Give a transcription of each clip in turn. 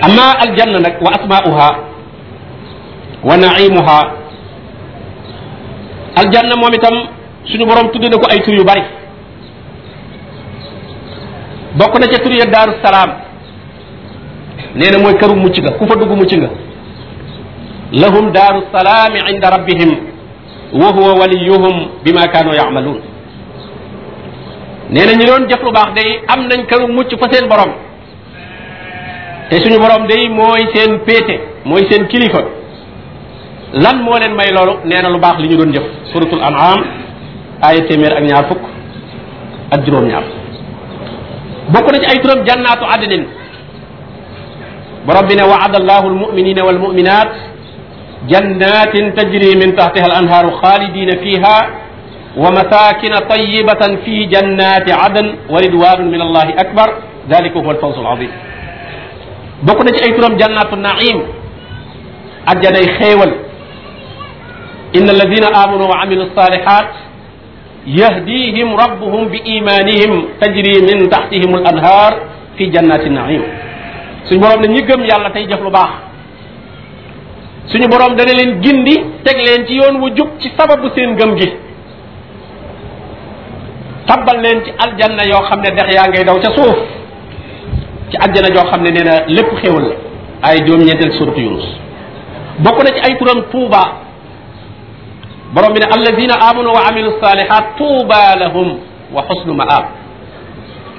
amma aljanna nag wa asma'uha wa na'imuha aljanna moom itam suñu borom tudd na ko ay tur yu bari bokk na ca tur ya daaru salaam nee na mooy këru mucc nga ku fa dugg mucc nga lahum daaru salaami inda rabbihim wa huwa waliyuhum bima kaanu ya'maluun nee na ñi doon lu baax day am nañ këru mucc fa seen borom te suñu borom day mooy seen péete mooy seen kilifa lan moo leen may loolu nee na lu baax li ñu doon jëf suratul an'am aaya téeméer ak ñaar fukk ak juróom-ñaar bokk na ci ay turam jannaatu adnin borom bi ne waada allahu almuminina walmuminat jannatin tajri min tahtiha al anhaaru xaalidina fiha wa masakina tayibatan fi jannati adan wa ridwanun min allahi akbar dalika huwa alfawzu alazim bokk na ci ay turam jannatu naim ajjanay xéewal inna alladina amanu wa amilu salihat yahdihim rabbuhum bi imanihim tajri min taxtihim al anhar fi jannati naim suñu borom ne ñi gëm yàlla tey jëf lu baax suñu borom dana leen gindi teg leen ci yoon wu jub ci sababu seen gëm gi tabbal leen ci aljanna yoo xam ne dex yaa ngay daw ca suuf ci àjjana joo xam ne nee na lépp xéwal ay juróom-ñeenteel suratu yunus bokk na ci ay turam tuuba borom bi ne alladina amanu wa amilu salihat tuuba lahum wa xusnu maab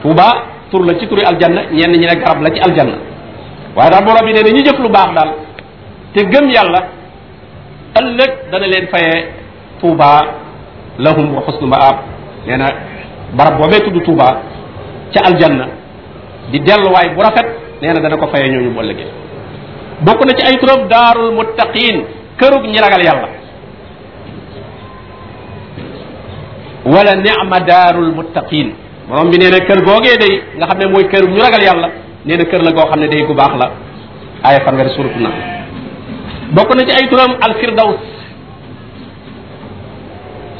tuuba tur la ci turi aljanna ñenn ñi ne garab la ci aljanna waaye daal borom bi nee na ñu jëf lu baax daal te gëm yàlla ëllëg dana leen fayee tuuba lahum wa xusnu maab nee na barab boobee tudd tuuba di delluwaay bu rafet nee na dana ko fayee ñooñu bu ëllëgee bokk na ci ay turam daarul muttaqin kërug ñi ragal yàlla wala ni'ma daarul muttaqin borom bi nee na kër googee day nga xam ne mooy kër ñu ragal yàlla nee kër la goo xam ne day gu baax la aaya fanweer suratu na bokk na ci ay turam alfirdaws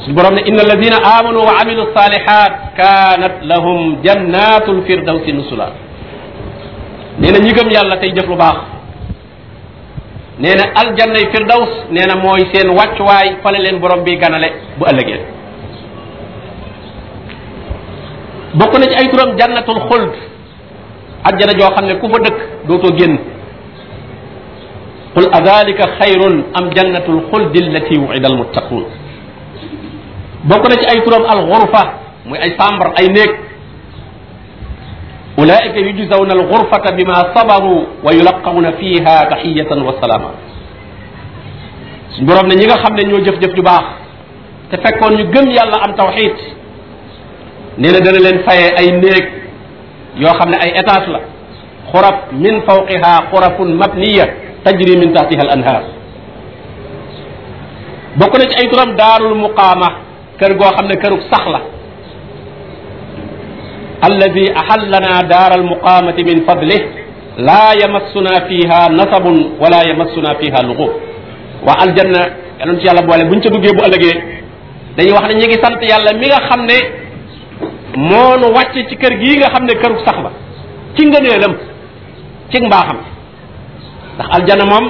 su borom amanu wa amilu salihat kaanat lahum jannatul firdawsi nusula nee na ñi gëm yàlla tey jëf lu baax nee na aljannay firdaws nee na mooy seen wàccuwaay fale leen borom bi ganale bu ëllëgee bokk na ci ay turam jannatul xuld ajjana joo xam ne ku fa dëkk dootoo génn qul adalika xayrun am jannatul xuldi allati wuida almuttaquun bokk na ci ay turam alxurfa muy ay chambre ay néeg ulaika yujzawna alxurfata bima sabaru wa yulaqawna fiha taxiyatan wa salaama suñ boroom ne ñi nga xam ne ñoo jëf-jëf ju baax te fekkoon ñu gëm yàlla am tawxid nee na dana leen fayee ay néeg yoo xam ne ay étage la xuraf min fawqiha xurafun mabniya tajri min taxtiha al anhar bokk na ci ay turam daarul muqaama xam ne kërug sax la alladi ahallanaa daara almuqaamati min fadlih laa yamassuna fiha nasabun wala yamassuna fiha luxub waa aljanna yàlla ci yàlla boole buñ ca duggee bu ëllëgee dañuy wax ne ñu ngi sant yàlla mi nga xam ne moonu wàcc ci kër gii nga xam ne këru sax la ci ngëneelam ci mbaaxam ndax aljanna moom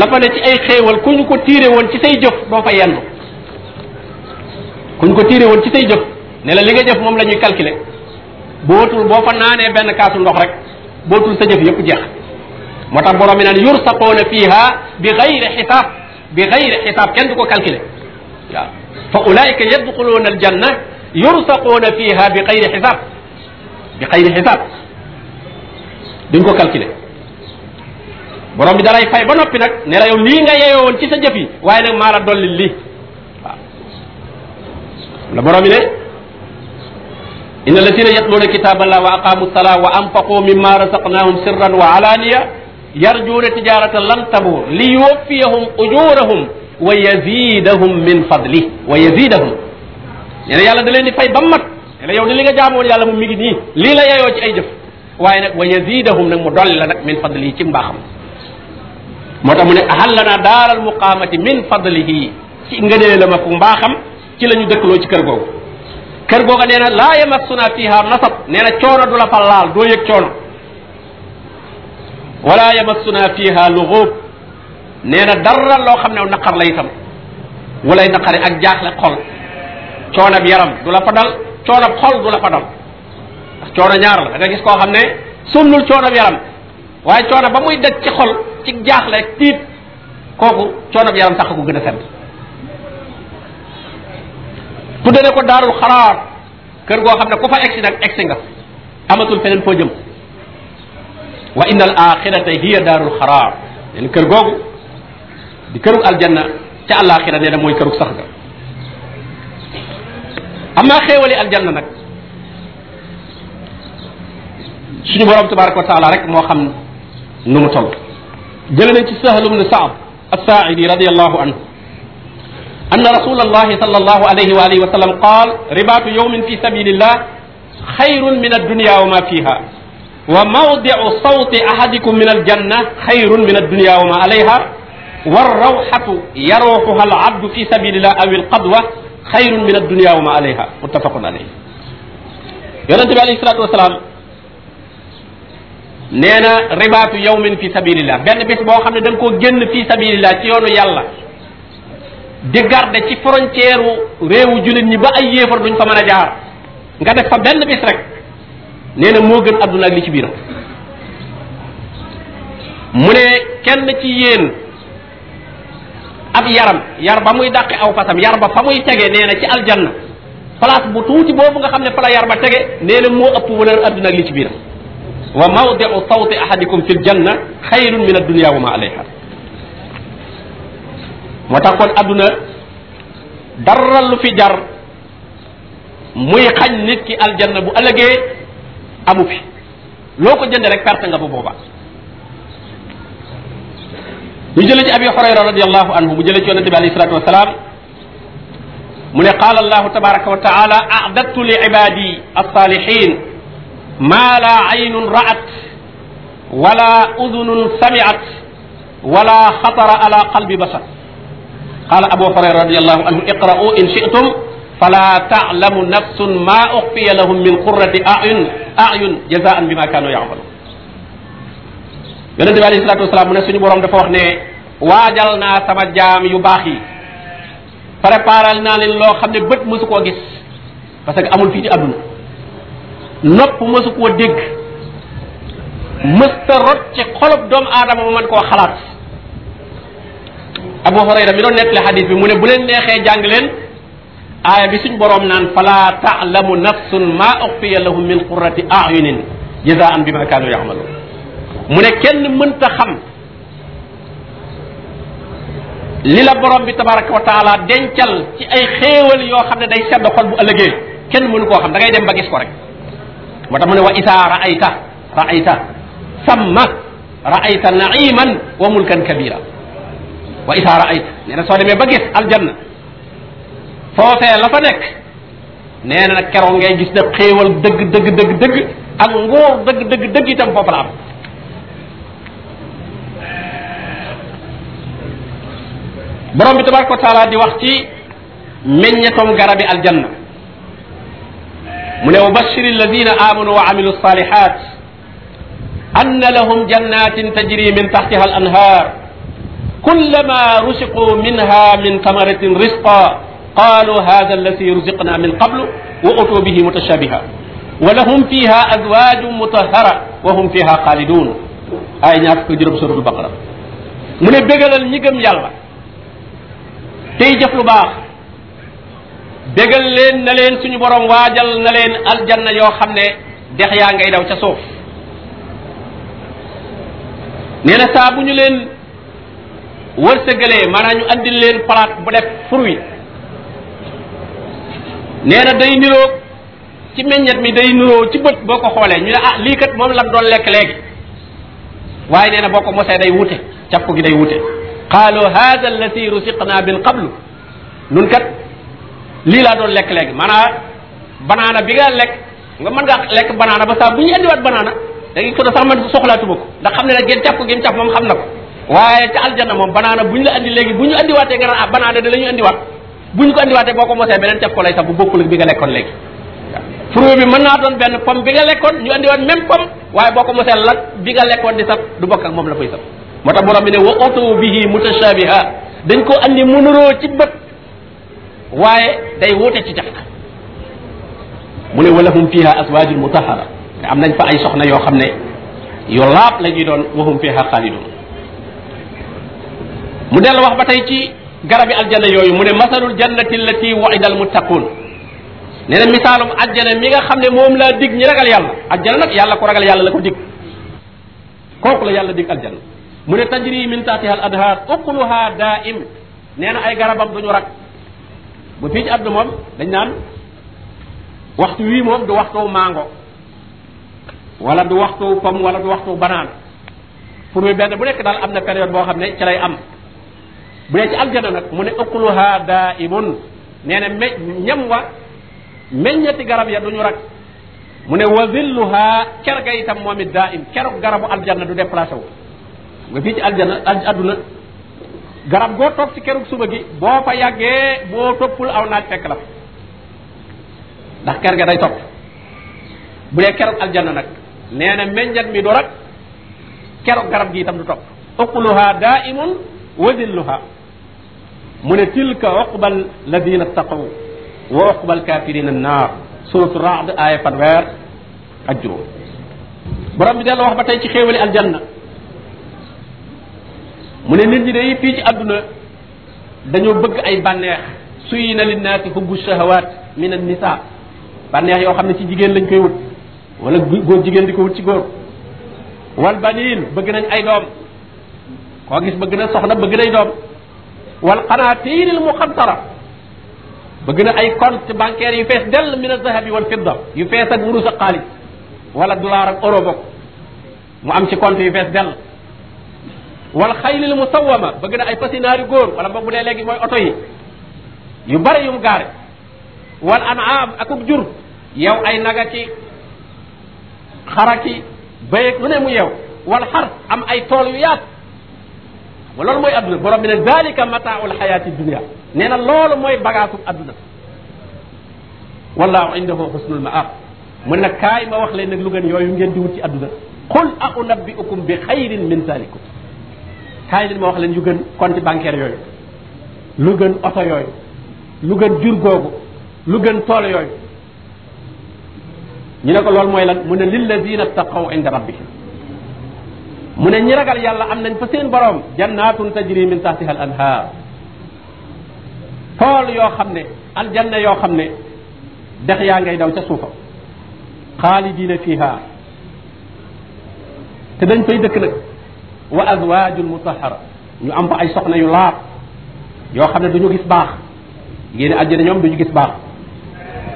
la fa ne ci ay xéewal ku ñu ko tiire woon ci say jëf doo fa yendu ku ñu ko tiire woon ci say jëf ne la li nga jëf moom la ñu calculer bootul boo fa naanee benn kaasu ndox rek bootul sa jëf yëpp jeex moo tax borom mi naan yursaqoona fiha bi gayri xisaab bi gayri xisaab kenn du ko calculer waaw fa ulaika yadxuluuna aljanna ko calculer borom bi dalay fay ba noppi nag ne la yow lii nga yeyoon ci sa jëf yi waaye nag maa la dolli lii waaw la borom bi ne inna alladina yatluuna kitaaballah wa aqaamu salaa wa anfaqu mimma razaqnahum sirran wa alaaniya yarjuuna tijaaratan lan tabuur li yuwaffiyahum ujurahum wa yazidahum min fadli wa yazidahum nee na yàlla da leen di fay ba mat nee na yow di li nga jaamoon yàlla moom mi ngi nii lii la yeyoo ci ay jëf waaye nag wa yazidahum nag mu dolli la nag min fadlihi ci mbaaxam moo tax mu ne ahal lana daaral muqaamati min fadlihi ci ngënee la ma fu mbaaxam ci la ñu dëkkaloo ci kër googu kër googa nee na laa yamassuna fiha nasab nee na coono du la fa laal doo yëg coono wala yamassuna fiha luxub nee na dara loo xam ne naqar la itam walay naqari ak jaaxle xol coonab yaram du la fa dal coonab xol du la koo xam ne sunnul coonab yaram waaye coono ba muy daj ci xol ci jaaxle ak kooku coonab yaram sax ko gën a tudde ne ko daarul xaraar kër goo xam ne ku fa egsi nag egsi nga amatul feneen foo jëm wa inna al axirata hiya daarul xaraar leen kër googu di kërug aljanna ca àllaaxira nee na mooy kërug sax ga am naa xéewali aljanna nag suñu borom tabaraka wa taala rek moo xam nu mu toll jële nañ ci sahlum ne saab asaaidi radiallahu anhu anna rasul allahi sal allahu alayhi wa alihi wa sallam qaal ribaatu yawmin fi sabilillah xayrun min addunia wa ma fiha wa mawdiu sawti ahadikum min aljanna xayrun min addunia wa ma alayha warrawxatu yaruuxuha alabdu fi sabilillah aw alqadwa xayrun min addunia wa ma alayha muttafaqun alayh yonente bi alayhi salatu wasalaam nee na ribaatu yawmin fi sabilillah benn bés boo xam ne da nga koo génn fi sabilillah ci yoonu yàlla di garder ci frontière réewu jullit ñi ba ay yéefar duñ fa mën a jaar nga def fa benn bis rek nee na moo gën àdduna ak li ci biiram mu ne kenn ci yéen ab yaram yar ba muy dàqe aw fasam yar ba fa muy tege nee na ci aljanna place bu tuuti boobu nga xam ne fa la yar ba tege nee moo ëpp valeur àdduna ak li ci biiram wa mawdiu sawti ahadikum fil janna xayrun min ad dunya wa ma moo tax kon adduna dara lu fi jar muy xañ nit ki aljanna bu ëllëgee amu fi loo ko jënde rek perte nga bu booba ñu jële ci abi hurayra radiallahu anhu mu jële ci yonente bi alayhi salatu wasalaam mu ne qaala allahu tabaraka wa taala adattu li ibadi alsalihin ma la aynun ra'at wala udunun sami'at wala xatara ala qalbi basar qaala abu hurayra radiallahu anhu iqra'u in shi'tum fala ta'lamu nafsun ma ukhfiya lahum min qurrati a'yun a'yun jazaan bima kaanu ya'malu yonente bi alayhi salaatu wasalaam mu ne suñu borom dafa wax ne waajal naa sama jaam yu baax yi préparal naa leen loo xam ne bët mësu koo gis parce que amul fii ci àdduna nopp mësu koo dégg mësta rot ci xolub doomu aadama mu mën koo xalaat Abu Hurayra mi doon nettali xadis bi mu ne bu leen neexee jàng leen aaya bi suñ boroom naan fala taalamu nafsun maa uxfiya lahum min qurrati ayunin jazaan bi ma kaanu yamaluun mu ne kenn mënta xam li la borom bi tabaraka wa taala dencal ci ay xéewal yoo xam ne day sedd xol bu ëllëgee kenn mënu koo xam da ngay dem ba gis ko rek moo tax mu ne wa isa raayta raayta samma raayta naiman wa mulkan kabira wa isaa raayta nee na soo demee ba gis aljanna foofee la fa nekk nee na nag keroog ngay gis ne xéewal dëgg dëgg dëgg dëgg ak nguur dëgg dëgg dëgg itam foofu la am borom bi tabaraka wa taala di wax ci meññetom garabi aljanna mu ne wa bashiri alladina amanu wa amilu salihat anna lahum jannatin tajri min taxtiha al anhar كلما رزقوا منها من ثمرة رزقا قالوا هذا الذي رزقنا من قبل وأتوا به متشابها ولهم فيها أزواج مطهرة وهم فيها خالدون آية ñaar fukk juróom suratul baqara mu ne bégalal ñi gëm yàlla tey jëf lu baax bégal leen na leen suñu borom waajal na leen aljanna yoo xam ne dex yaa ngay daw ca suuf nee na saa bu ñu leen wërsëgalee maanaam ñu andil leen palaat bu def fruit nee na day niroo ci meññet mi day niroo ci bët boo ko xoolee ñu ne ah lii kat moom lan doon lekk léegi waaye nee na boo ko mosee day wute càpp gi day wute qaalu hada allati rusiqna min qablu nun kat lii laa doon lekk léegi maanaam banaana bi nga lekk nga mën nga lekk banaana ba saa bu ñu andiwaat banaana da ngay ko sax man soxlaatuma ko ndax xam ne nag geen càpp geen càpp moom xam na ko waaye ca aljanna moom banaana bu ñu la andi léegi bu ñu andiwaatee nga naan ah banaana da la ñu andiwaat bu ñu ko andiwaatee boo ko mosee beneen caf ko lay sax bu bokkul bi nga lekkoon léegi fruit bi mën naa doon benn pomme bi nga lekkoon ñu andiwaat même pomme waaye boo ko mosee la bi nga lekkoon di saf du bokk ak moom la koy saf moo tax borom bi ne wa oto bi mutashabiha dañ ko andi mu nuroo ci bët waaye day wuute ci jax mu ne walahum fiha aswajun mutahara am nañ fa ay soxna yoo xam ne yu laab la doon wahum fiha xaalidun mu dellu wax ba tey ci garabi aljanna yooyu mu ne masalul jannati allati waida almuttaqun nee na misaalum aljanna mi nga xam ne moom laa dig ñi ragal yàlla aljanna nag yàlla ko ragal yàlla la ko dig kooku la yàlla dig aljanna mu ne tajri min taatiha al adhaar uqluha daaim nee na ay garabam duñu rak ba fii ci àdduna moom dañ naan waxtu wii moom du waxtu mango wala du waxtu pomme wala du waxtu banaan pour mu benn bu nekk daal am na période boo xam ne ci lay am bu dee ci aljana nag mu ne ukuluha daimun nee na me ñam wa meññeeti garab ya duñu rak mu ne wa zilluha ker ga itam moom it daim keroog garabu aljanna du déplacé wu nga fii ci aljanna adduna garab goo toog ci kerug suba gi boo fa yàggee boo toppul aw naaj fekk la ndax ker ga day topp bu dee keroog aljanna nag nee na meññet mi du rak keroog garab gi tam du topp ukuluha daimun wa zilluha mu ne tilka uqbal ladina taqaw wa uqbal kafirina naar suratu raad aaya fanweer ak juróom borom bi dellu wax ba tey ci xéewali aljanna mu ne nit ñi day fii ci àdduna dañoo bëgg ay bànneex suyina linnaasi hubbu shahawaat min annisa bànneex yoo xam ne ci jigéen lañ koy wala góor jigéen di ko wut ci góor wal baniin bëgg nañ ay doom koo gis bëgg na soxna bëgg nay doom wal qanaatiir al muqaddara bëgg na ay compte banker yu fees dell min az-zahabi wal fidda yu fees ak wurus ak xaalis wala dollar ak euro bokk am ci compte yu fees dell wal xaylil musawama bëgg na ay fasinaari góor wala boog bu dee léegi mooy yu bari yu mu gaare wal an'am akub jur yow ay naga ci xaraki béyeg lu ne ay tool yu yaat wa loolu mooy adduna borom bi ne dalika mataaul xayaati dunia nee na loolu mooy bagaasu adduna wallahu indahu xusnul maab mun na kaay ma wax leen nag lu gën yooyu ngeen di wut ci adduna qul a unabbiukum bi xayrin min zalikum kaay leen ma wax leen yu gën compte bancaire yooyu lu gën oto yooyu lu gën jur googu lu gën tool yooyu ñu ne ko loolu mooy lan mu ne lilladina taqaw inda rabbihim mu ne ñi ragal yàlla am nañ fa seen boroom jannaatun tajri min tahtiha al anhaar yoo xam ne aljanna yoo xam ne dex yaa ngay daw ca suufa xaalidiina fiha te dañ fay dëkk nag wa azwaajun mutahara ñu am fa ay soxna yu laab yoo xam ne duñu gis baax yéen àjjana ñoom duñu gis baax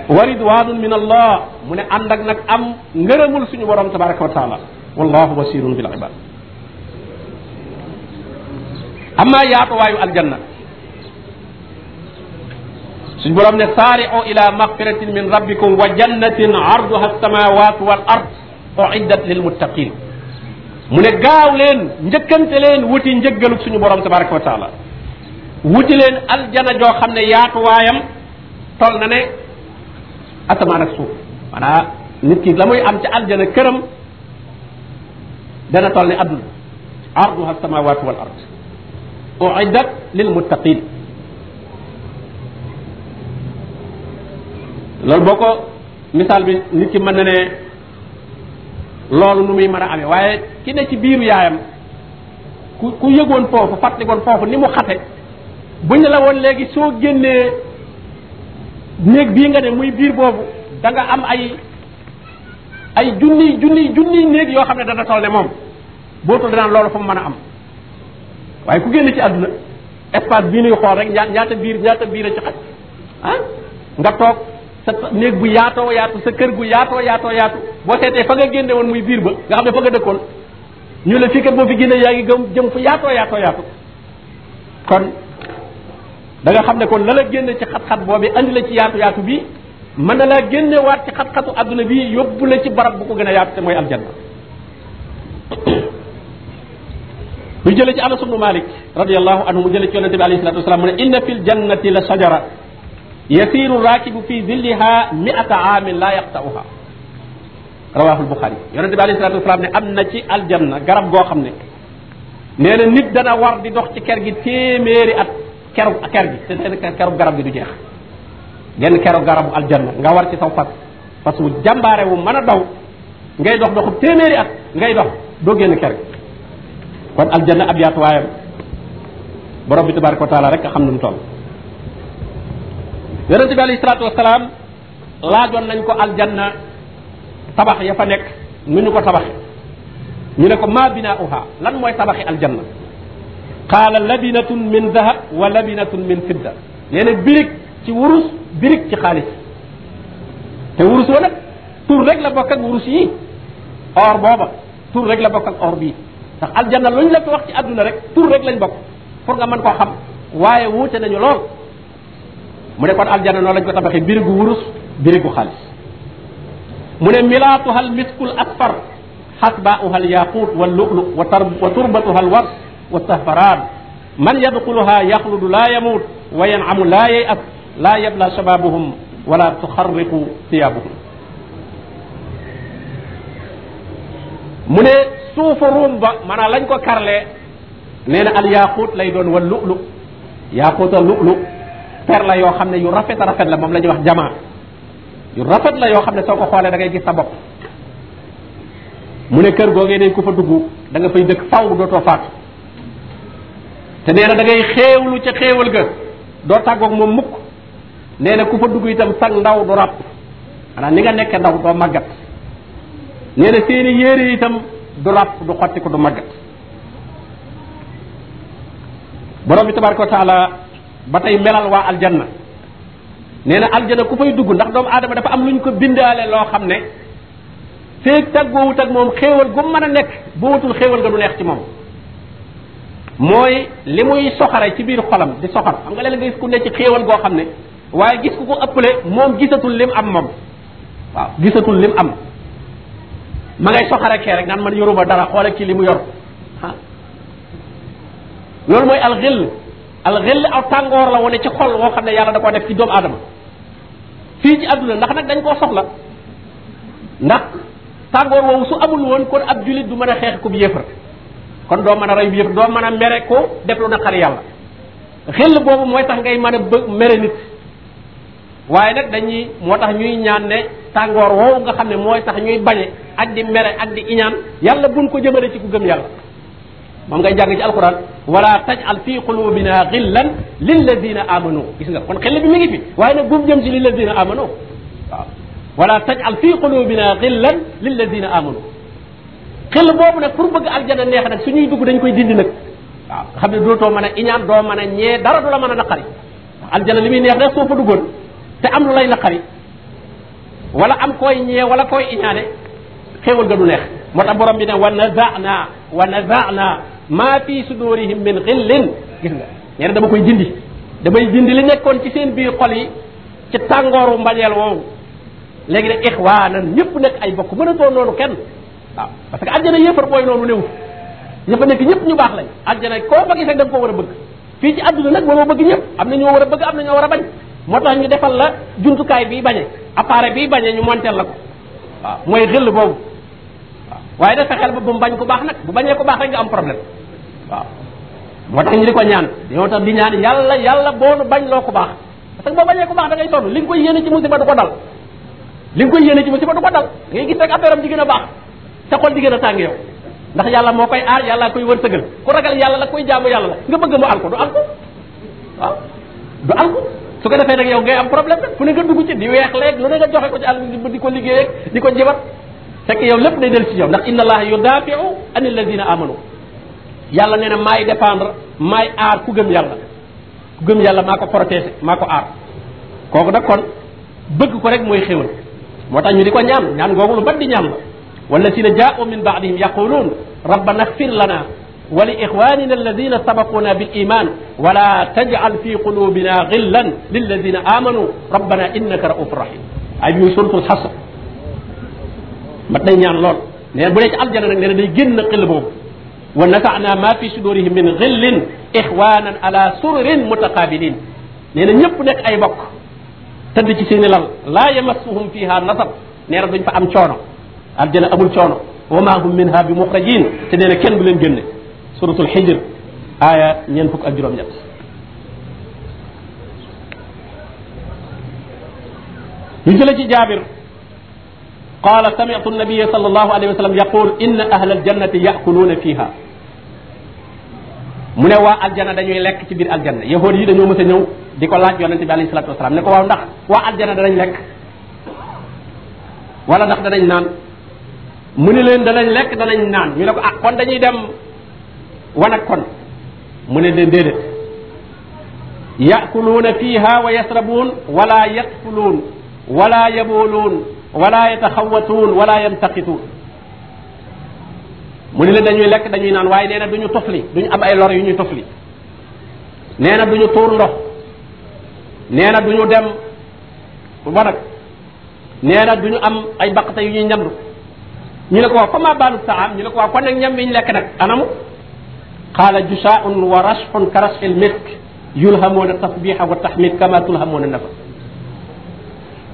wa ridwanun min allah mu ne ànd ak nag am ngërëmul suñu borom tabaraka wa taala wallahu basirun bil ibad amma yaatuwaayu aljanna suñ borom ne saari'u ila magfiratin min rabbikum wa jannatin arduha as-samawatu wal ard uiddat lil muttaqin mu ne gaaw leen njëkkante leen wuti njëggaluk suñu borom tabaraka wa taala wuti leen aljana joo xam ne yaatuwaayam tol na ne asamaan ak suuf maanaam nit ki la muy am ci aljana këram dana tol ne adduna arduha as-samawatu wal ard u'iddat lil muttaqin loolu boo ko misaal bi nit ki mën na ne loolu nu muy mën a ame waaye ki ne ci biiru yaayam ku ku yëgoon foofu fàttalikoon foofu ni mu xate buñ la woon léegi soo génnee néeg bii nga ne muy biir boobu da am ay ay junniy junniy junniy néeg yoo xam ne dana toll ne moom bootul danaan loolu fu mu mën a am waaye ku génn ci àdduna espace bii nuy xool rek ñaata biir ñaata biir a ci xaj ah nga toog sa néeg bu yaatoo yaatu sa kër gu yaatoo yaatoo yaatu boo seetee fa nga génne muy biir ba nga xam ne fa nga dëkkoon ñu la fii kat boo fi génnee yaa ngi gëm jëm fu yaatoo yaatoo yaatu kon danga xam ne kon la la génne ci xat-xat boobu andi la ci yaatu yaatu bi mën na laa génne waat ci xat-xatu àdduna bi yóbbu la ci barab bu ko gën a yaatu te mooy aljanna ñu jëlee ci anas ibnu malik radiallahu anhu mu jëlee ci yonente bi alayhi salatu wasalaam mu ne inna fil jannati la sajara yasiru raakibu fi zilliha miata aamin la yaqta'uha rawahul buxaari yonente bi alayhi salatu ne am na ci aljanna garab goo xam ne nee na nit dana war di dox ci ker gi téeméeri at keru ker gi te keru garab gi du jeex genn keru garabu aljanna nga war ci saw fas fas wu jàmbaare wu mën a daw ngay dox doxu téeméeri at ngay dox doo génn ker kon aljanna ab yaatuwaayam borom bi tabaraka wa taala rek nga xam nu mu toll yonente bi alayhi salaatu wasalaam laajoon nañ ko aljanna tabax ya fa nekk nu ñu ko tabaxe ñu ne ko ma binauha lan mooy tabaxi aljanna qaala labinatun min dahab wa labinatun min fidda nee na birig ci wurus birig ci xaalis te wurus wa nag tur rek la bokk ak wurus yi or booba tur rek la bokk ak or bii ndax aljanna luñ la fi wax ci àdduna rek tur rek lañ bokk pour nga mën koo xam waaye wuute nañu lool mu ne kon aljanna noonu lañ ko tabaxee birigu wurus birigu xaalis mu ne milaatuhal miskul asfar xasbaauhal yaqut wal lu'lu wa tar wa turbatuhal wars wa safaraan man yadxuluha yaxludu laa yamuut wa yanamu laa yey as laa yabla shababuhum wala tuxarriqu thiyaabuhum mu ne suufu ruum ba maanaam lañ ko karlee nee na al yaaquut lay doon wal lu'lu yaaquut al lu'lu per la yoo xam ne yu rafet a rafet la moom la ñuy wax jamaa yu rafet la yoo xam ne soo ko xoolee dangay gis sa bopp mu ne kër googee dañ ko fa duggu da nga fay dëkk bu dootoo faatu te nee na dangay ngay xéewlu ca xéewal ga doo tàggoog moom mukk nee na ku fa dugg itam sag ndaw du ràpp maanaam ni nga nekkee ndaw doo màggat nee na seeni yére itam du ràpp du xotti ko du màggat borom bi tabaraka wa ba tey melal waa aljanna nee na aljana ku fay dugg ndax doomu aadama dafa am lu ñu ko bindaale loo xam ne feeg tàggoowut ak moom xéewal gu mën a nekk boo wutul xéewal nga du neex ci moom mooy li muy soxare ci biir xolam di soxar xam nga leen nga gis ku ne ci xéewal goo xam ne waaye gis ku ko ëppale moom gisatul lim am moom waaw gisatul lim am ma ngay soxarakee rek naan man yoruma dara xoola kii li mu yor loolu mooy alxill alxill aw tàngoor la wane ci xol woo xam ne yàlla da koo def ci doomu aadama fii ci àdduna ndax nag dañ koo soxla ndax tàngoor woowu su amul woon kon ab jullit du mën a xeex ku bi yéefar kon doo mën a rey bi yéefar doo mën a mere ko def lu naqar yàlla xel boobu mooy tax ngay mën a bë mere nit waaye nag dañuy moo tax ñuy ñaan ne tàngoor woowu nga xam ne mooy tax ñuy bañe ak di mere ak di iñaan yàlla buñ ko jëmale ci ku gëm yàlla moom ngay jàng ci alquran wala tajal fi qulubina xillan lilladina amanu gis nga kon xel bi mi ngi fi waaye nag bumu jëm ci lilladina amanu waaw wala tajal fi qulubina xillan lilladina amanu xel boobu nag pour bëgg aljana neex nag ñuy dugg dañ koy dindi nag waaw xam ne dootoo mën a iñaan doo mën a ñee dara du la mën a naqari aljana li muy neex rek soo fa duggoon te am lu lay naqari wala am koy ñee wala koy iñaane xéewal ga du neex moo tax borom bi ne wa nazana wa nazana maa fi sudurihim min xillin gis nga nee na dama koy jindi damay dindi li nekkoon ci seen biir xol yi ci tàngooru mbañeel woowu léegi nag ixwaanan ñëpp nekk ay bokk mënatoo noonu kenn waaw parce que àjjana yéefar booy noonu néew ña fa nekk ñëpp ñu baax lañ àjjana koo fa gis rek da nga koo war a bëgg fii ci àdduna nag waroo bëgg ñëpp am na ñoo war a bëgg am na ñoo war a bañ moo tax ñu defal la jumtukaay bi bañe appareil bi bañe ñu montel la ko waaw mooy xel boobu waaw waaye dafa xel ba bu mu bañ ko baax nag bu bañee ko baax rek nga am problème waaw moo tax ñi di ko ñaan dañoo tax di ñaan yàlla yàlla boo nu bañ loo ko baax parce que boo bañee ko baax da ngay li nga koy yéene ci musiba du ko dal li nga koy yéene ci musiba du ko dal da ngay gis rek affaire am di gën a baax sa xol di gën a tàng yow ndax yàlla moo koy aar yàlla koy wërsëgal ku ragal yàlla la koy jaamu yàlla la nga bëgg mu al ko du al su ko defee nag yow ngay am problème nag fu ne nga dugg ci di weex leeg lu ne nga joxe ko ci àll bi di ko liggéey ak di ko jibat fekk yow lépp day del ci yow ndax inna allaha yudafiu an alladina amanu yàlla nee na maay dépendre maay aar ku gëm yàlla ku gëm yàlla maa ko protéger maa ko aar kooku nag kon bëgg ko rek mooy xéwal moo tax ñu di ko ñaan ñaan googu lu bat di ñaan la wala si na jaa'u min baadihim yaquluun rabbana xfir lana ولإخواننا الذين سبقونا بالإيمان ولا تجعل في قلوبنا غلا للذين آمنوا ربنا إنك رؤوف رحيم ay ñuy suratul xasr mat nay ñaan lool neen bu dee ci aljana nag nee day génn xel boobu wa nasaana ma fi sudurihim min xillin ixwanan ala sururin mutaqabilin nee na ñëpp nekk ay bokk tëdd ci seeni lal laa yamassuhum fiha nasab nee na duñ fa am coono aljana amul coono wa ma hum minha bi muxrajin te nee na kenn du leen génne suratul xijr aaya ñeent fukk ak juróom-ñett ñu jële ci jaabir qaala samitu nabiya sallallahu alayhi wa sallam yaqul inna ahla aljannati yakuluuna fiha mu ne waa aljanna dañuy lekk ci biir aljanna yahood yi dañoo mës a ñëw di ko laaj yonente bi alayhi salatu wasalaam ne ko waaw ndax waa aljanna danañ lekk wala ndax danañ naan mu ne leen danañ lekk danañ naan ñu ne ko ah kon dañuy dem wan kon mu ne leen déedéet yaakuluuna fiha wa yasrabuun wala yatfuluun wala yabooluun wala yataxawatuun wala yamtaqituun mu ne leen dañuy lekk dañuy naan waaye nee duñu tofli duñu am ay lor yu ñuy tofli nee na duñu tuur ndox nee na duñu dem wanag nee na duñu am ay baqate yu ñuy ñamdu ñu ne ko waaw comment baanu saam ñu ne ko nag ñam bi lekk nag anamu qaala jusaaun wa rashun ka rashil misk a tasbiha wa tahmid kama tulhamoona nafa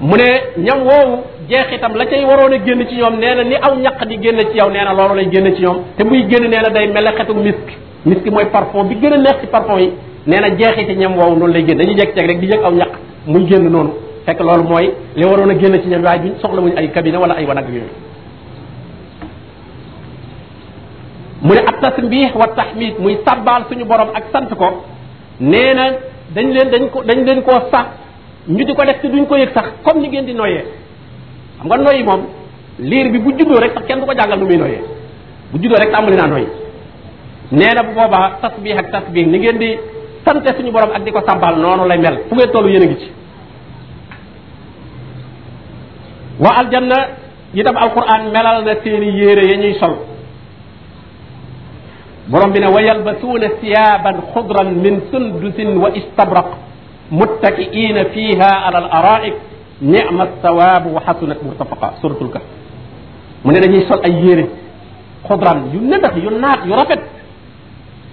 mu ne ñam woowu jeexitam la cay waroon a génn ci ñoom nee na ni aw ñaq di génn ci yow nee na loolu lay génn ci ñoom te muy génn nee na day mel xetu misk misk mooy parfum bi gën a neex ci parfum yi nee na jeexiti ñam woowu noonu lay génn dañuy jekk-jekk rek di jëkk aw ñaq muy génn noonu fekk loolu mooy li waroon a génn ci ñoom waaye duñ soxla wuñ ay cabine wala ay wanag yooyu mu ne ak tasbih wa tahmid muy sàbbaal suñu borom ak sant ko nee na dañ leen dañ ko dañ leen ko sax ñu di ko def te duñ ko yëg sax comme ni ngeen di noyee xam nga noyyi moom liir bi bu juddoo rek sax kenn du ko jàngal nu muy noyee bu juddoo rek tàmbali naa noyyi nee na bu boobaa tasbih ak tasbih ni ngeen di sante suñu borom ak di ko sàbbaal noonu lay mel fu ngeen tollu yéen a ngi ci wa aljanna itam alquran melal na seeni yére ya ñuy sol borom bi ne wa yalbasuuna siyaaban xudran min sundusin wa istabraq muttakiina fiha ala al araik nicma sawaabu wa xasunat murtafaqa suratul kahf mu ne dañuy sol ay yére xudran yu nëbëx naat yu rafet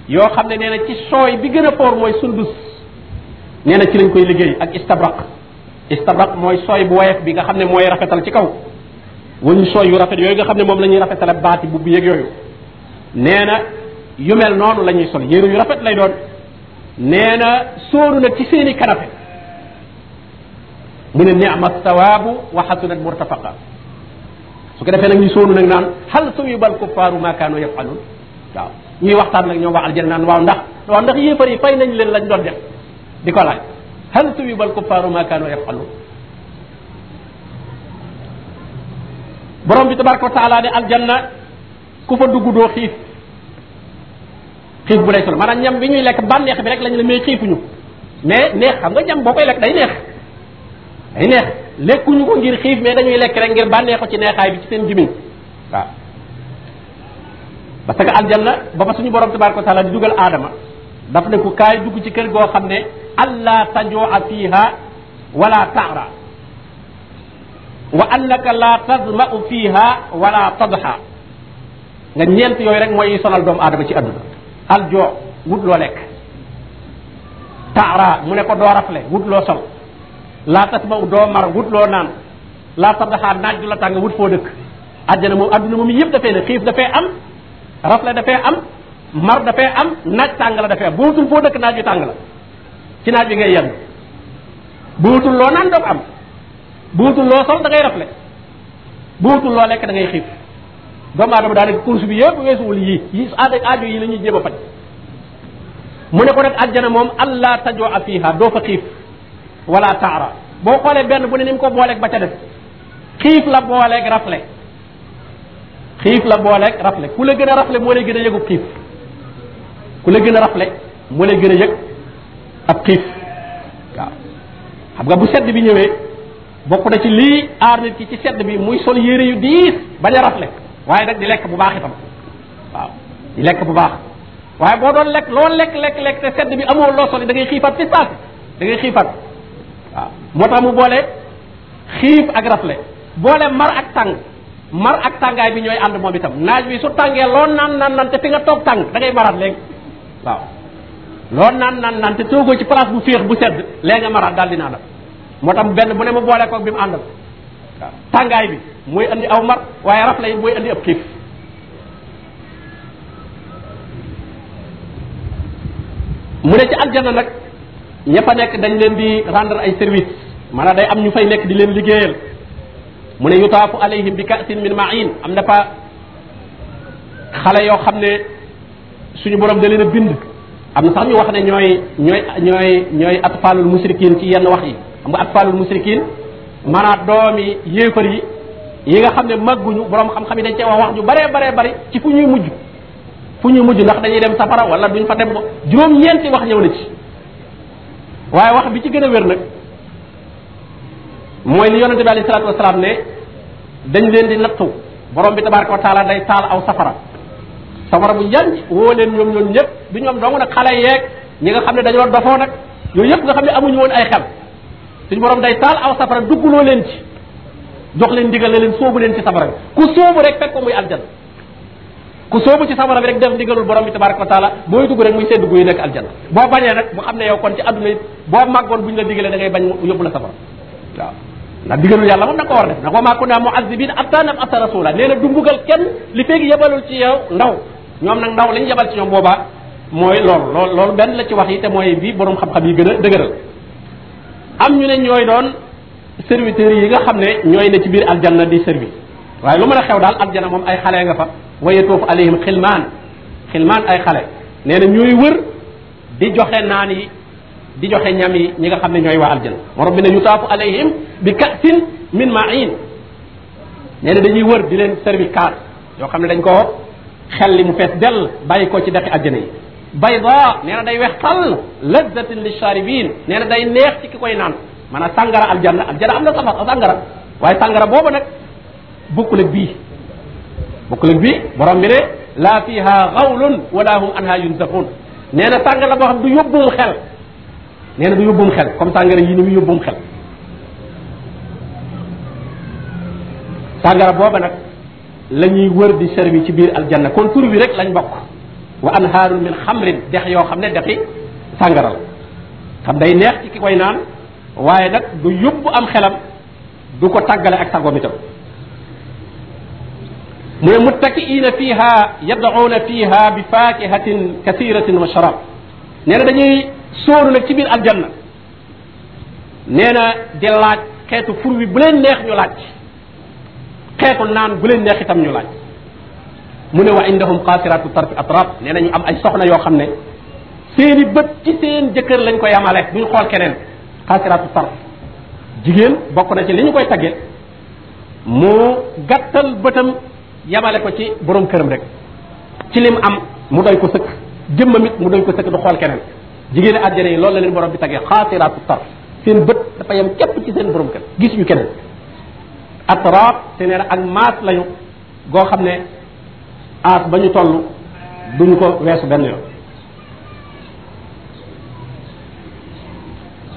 yoo xam ne nee na ci sooy bi gën a foor mooy sundus nee na ci lañ koy liggéey ak istabraq istabraq mooy sooy bu woyof bi nga xam ne mooy rafetal ci kaw wañu sooy yu rafet yooyu nga xam ne moom la ñuy rafetale baati bu bu yeeg yooyu nee yu mel noonu la ñuy sol yére yu rafet lay doon nee na sóoru na ci seeni canapé mu ne ni'ma thawaabu wa hasunat murtafaqa su ko defee nag ñu sóonu nag naan hal thuyibal kuffaaru ma kaanu yafalun waaw ñuy waxtaan nag ñoom waa aljanna naan waaw ndax waaw ndax yéefar yi fay nañ leen lañ doon def di ko laaj hal thuyibal kuffaaru ma kaanu yafalun borom bi tabaraka wa taala ne aljanna ku fa dugg doo xiif xiif bu lay sol a ñam bi ñuy lekk bànneex bi rek lañu la may xiifuñu mais neex xam nga ñam boo koy lekk day neex day neex lekkuñu ko ngir xiif mais dañuy lekk rek ngir bànneexu ci neexaay bi ci seen jimiñ waaw parce que aljanna ba fa suñu borom tabaraka wa taala di dugal aadama daf ne ko kaay dugg ci kër goo xam ne allah tajua fiha wala taara wa annaka la tazma'u fiha wala tadha nga ñeent yooyu rek mooy sonal doomu aadama ci àdduna aljoo wut loo lekk taara mu ne ko doo rafle wut loo sol laa tasmaw doo mar wut loo naan laa sardaxaa naaj du la tàng wut foo dëkk àjjana moom adduna moom yëpp dafay ne xiif dafay am rafle dafay am mar dafay am naaj tàng la dafay am boo wutul naaj bi naaj bi ngay yenn boo loo naan doo am boo wutul loo sol da rafle boo wutul loo lekk da ngay xiif doomu aadama daa nekk course bi yëpp weesuwul yii yi aada aajo yi la ñuy jéem a faj mu ne ko nag àjjana moom allah tajoo a fiiha doo fa xiif wala taara boo xoolee benn bu ne ni mu ko booleeg ba ca def xiif la booleeg rafle xiif la booleeg rafle ku la gën a rafle moo lay gën a yëgu xiif ku la gën a rafle moo lay gën a yëg ab xiif xam nga bu sedd bi ñëwee bokk na ci lii aar nit ki ci sedd bi muy sol yére yu diis bañ a rafle waaye nag di lekk bu baax itam waaw di lekk bu baax waaye boo doon lekk loo lekk lekk lekk te sedd bi amoo loo soli da ngay xiifaat fi saasi da ngay xiifaat waaw moo tax mu boole xiif ak rafle boole mar ak tàng mar ak tàngaay bi ñooy ànd moom itam naaj bi su tàngee loo naan naan naan te fi nga toog tàng da ngay maraat léegi waaw loo naan naan naan te toogoo ci place bu féex bu sedd léegi nga maraat daal di naanal moo tax benn bu ne mu boole koog bi mu bi mooy andi aw mar waaye raf lay mooy andi ab xiif mu ne ci aljanna nag ña fa nekk dañ leen di rendre ay service maanaam day am ñu fay nekk di leen liggéeyal mu ne yutaafu alayhim bi ka'sin min ma'in am na fa xale yoo xam ne suñu borom da leen a bind am na sax ñu wax ne ñooy ñooy ñooy ñooy atfaalul musrikin ci yenn wax yi xam nga atfaalul musrikin maanaam doomi yéefar yi yi nga xam ne màgguñu borom xam-xam yi dañ cee wax wax ju baree baree bari ci fu ñuy mujj fu ñuy mujj ndax dañuy dem safara wala duñ fa dem ba juróom-ñeenti wax ñëw na ci waaye wax bi ci gën a wér nag mooy li yonente bi alayhi salaatu ne dañ leen di nattu borom bi tabaraka wa taala day taal aw safara safara bu yanj woo leen ñoom ñoom ñëpp du ñoom dong nag xale yeeg ñi nga xam ne dañoo dofoo nag yooyu yëpp nga xam ne amuñu woon ay xel suñu borom day taal aw safara dugguloo leen ci jox leen ndigal ne leen soobu leen ci sabara bi ku soobu rek fekk ko muy aljana ku soobu ci sabara bi rek def ndigalul borom bi tabaraka wa taala booy dugg rek muy sedd guy nekk aljana boo bañee nag mu xam ne yow kon ci adduna it boo màggoon buñ la digalee da ngay bañ yóbbu la sabara waaw ndax digalul yàlla moom na ko war def na ko maa kunna mu'azzibina hatta nab'atha rasula nee na du mbugal kenn li feegi yebalul ci yow ndaw ñoom nag ndaw lañ yebal ci ñoom boobaa mooy loolu loolu loolu benn la ci wax yi te mooy bi borom xam-xam yi gën a dëgëral am ñu ne ñooy doon serviteurs yi nga xam ne ñooy ne ci biir aljanna di servi waaye lu mën a xew daal aljanna moom ay xale nga fa wayatoofu alayhim xilmaan xilmaan ay xale nee na ñooy wër di joxe naan yi di joxe ñam yi ñi nga xam ne ñooy waa aljanna moo rabbi ne yutaafu alayhim bi ka'sin min ma'in nee na dañuy wër di leen servi kaas yoo xam ne dañ ko xel li mu fees dell bàyyi ko ci dexi aljanna yi bayda nee na day weex tàll lazzatin lisharibin nee na day neex ci ki koy naan maanaam sàngara aljanna aljanna am na safar sàngara waaye sàngara boobu nag bokkul ak bii bokkul ak bii borom bi ne laa fiha xawlun wala hum anha yunzafun nee na sàngara boo xam du yóbbum xel nee na du yóbbum xel comme sàngara yii ni muy yóbbum xel sàngara booba nag la ñuy wër di servi ci biir aljanna kon tur bi rek lañ bokk wa anhaarun min xamrin dex yoo xam ne dexi sàngara la xam day neex ci ki koy naan waaye nag du yóbbu am xelam du ko tàggale ak tàggoom itam mu ne muttakiina fiha yad'uuna fiha bi faakihatin kasiratin wa sharab nee na dañuy sóoru nag ci biir aljanna nee na di laaj xeetu fur bu leen neex ñu laaj xeetu naan bu leen neex itam ñu laaj mu ne wa indahum qaasiraatu tarfi atrab nee na am ay soxna yoo xam ne seeni bët ci seen jëkkër lañ ko yamale ñu xool keneen xaasiraatu sarf jigéen bokk na ci li ñu koy tagge mu gàttal bëtam yamale ko ci borom këram rek ci lim am mu doy ko sëkk jëmmam mu doy ko sëkk du xool keneen jigéen i àjjana yi loolu la leen borom bi tagge xaasiraatu sarf seen bët dafa yem képp ci seen borom kër gis ñu keneen atraab te nee ak maas lañu goo xam ne aas ba ñu toll duñu ko weesu benn yoon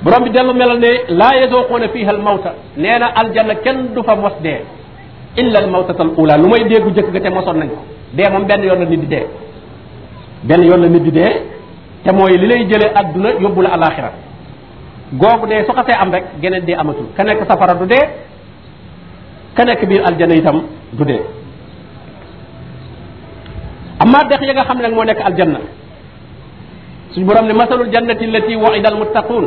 borom bi dellu melal ne laa yazooqoona fiiha al mawta nee na aljanna kenn du fa mos dee illa al mawtatal lu may déggu jëkk ga te mosoon nañ ko dee moom benn yoon la nit di dee yoon la nit di dee te mooy li lay jëlee adduna yóbbu la alaxira googu dee su xasee am rek geneen dee amatul ka nekk safara du dee ka nekk biir aljana itam du dee amma dex ya nga xam ne nag moo nekk aljanna suñu borom ne masalul jannati allati wa'ida al muttaquun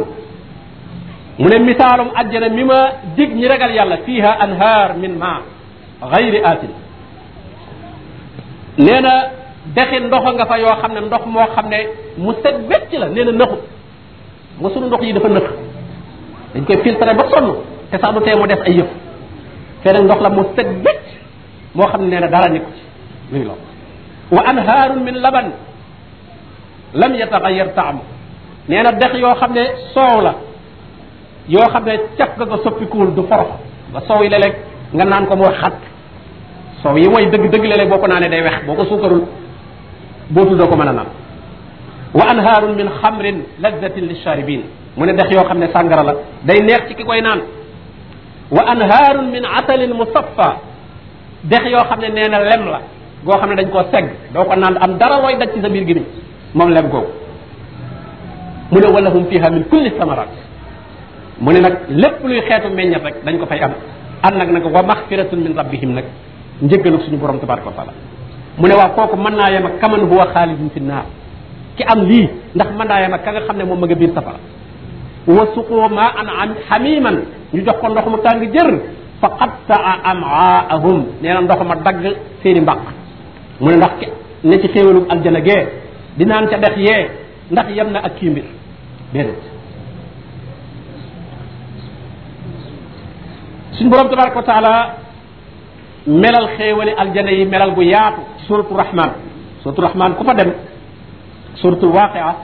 mu ne misaalum ajjana mi ma dig ñi ragal yàlla fiiha anhaar min ma gayri asin nee na dexi ndox nga fa yoo xam ne ndox moo xam ne mu set wecc la nee na ndox yi dafa nëx dañ koy ba sonn te sax du tee mu def ay yëf ndox la mu set wecc ne nee na dara nekku ci la wa anhaarun min laban lam yataxayar taamu nee na dex yoo xam ne soow la yoo xam ne caf ga nga soppikuwul du forox ba soow yi léeg-léeg nga naan ko mu wax xat soow yi mooy dëgg dëgg léeg-léeg boo ko naanee day wex boo ko suukarul bootul doo ko mën a naan wa anhaarun min xamrin lazzatin lisharibin mu ne dex yoo xam ne sàngara la day neex ci koy naan wa anhaarun min asalin musaffa dex yoo xam ne nee na lem la goo xam ne dañ koo segg doo ko naan am dara looy daj ci sa gi moom lem googu mu ne walahum fiha min kulli samarat mu ne nag lépp luy xeetu meññat rek dañ ko fay am ànd nag nag wa maxfiratun min rabbihim nag njëggalug suñu borom tabaraka wa taala mu ne waa kooku mën naa yem ak kaman huwa xaalisun fi naar ki am lii ndax mën naa yem ak ka nga xam ne moom ma nga biir safara wa suqoo maa an xamiman ñu jox ko ndox mu tàng jër fa qad saa amaahum nee na ndox dagg seeni mbàq mu ne ndax ne ci xéewalug aljana gee di naan ca dex yee ndax yem na ak kii mbir suñu borom tabaraka wa taala melal xéewali aljana yi melal gu yaatu suratu rahman suratu rahman ku fa dem suratu waaqia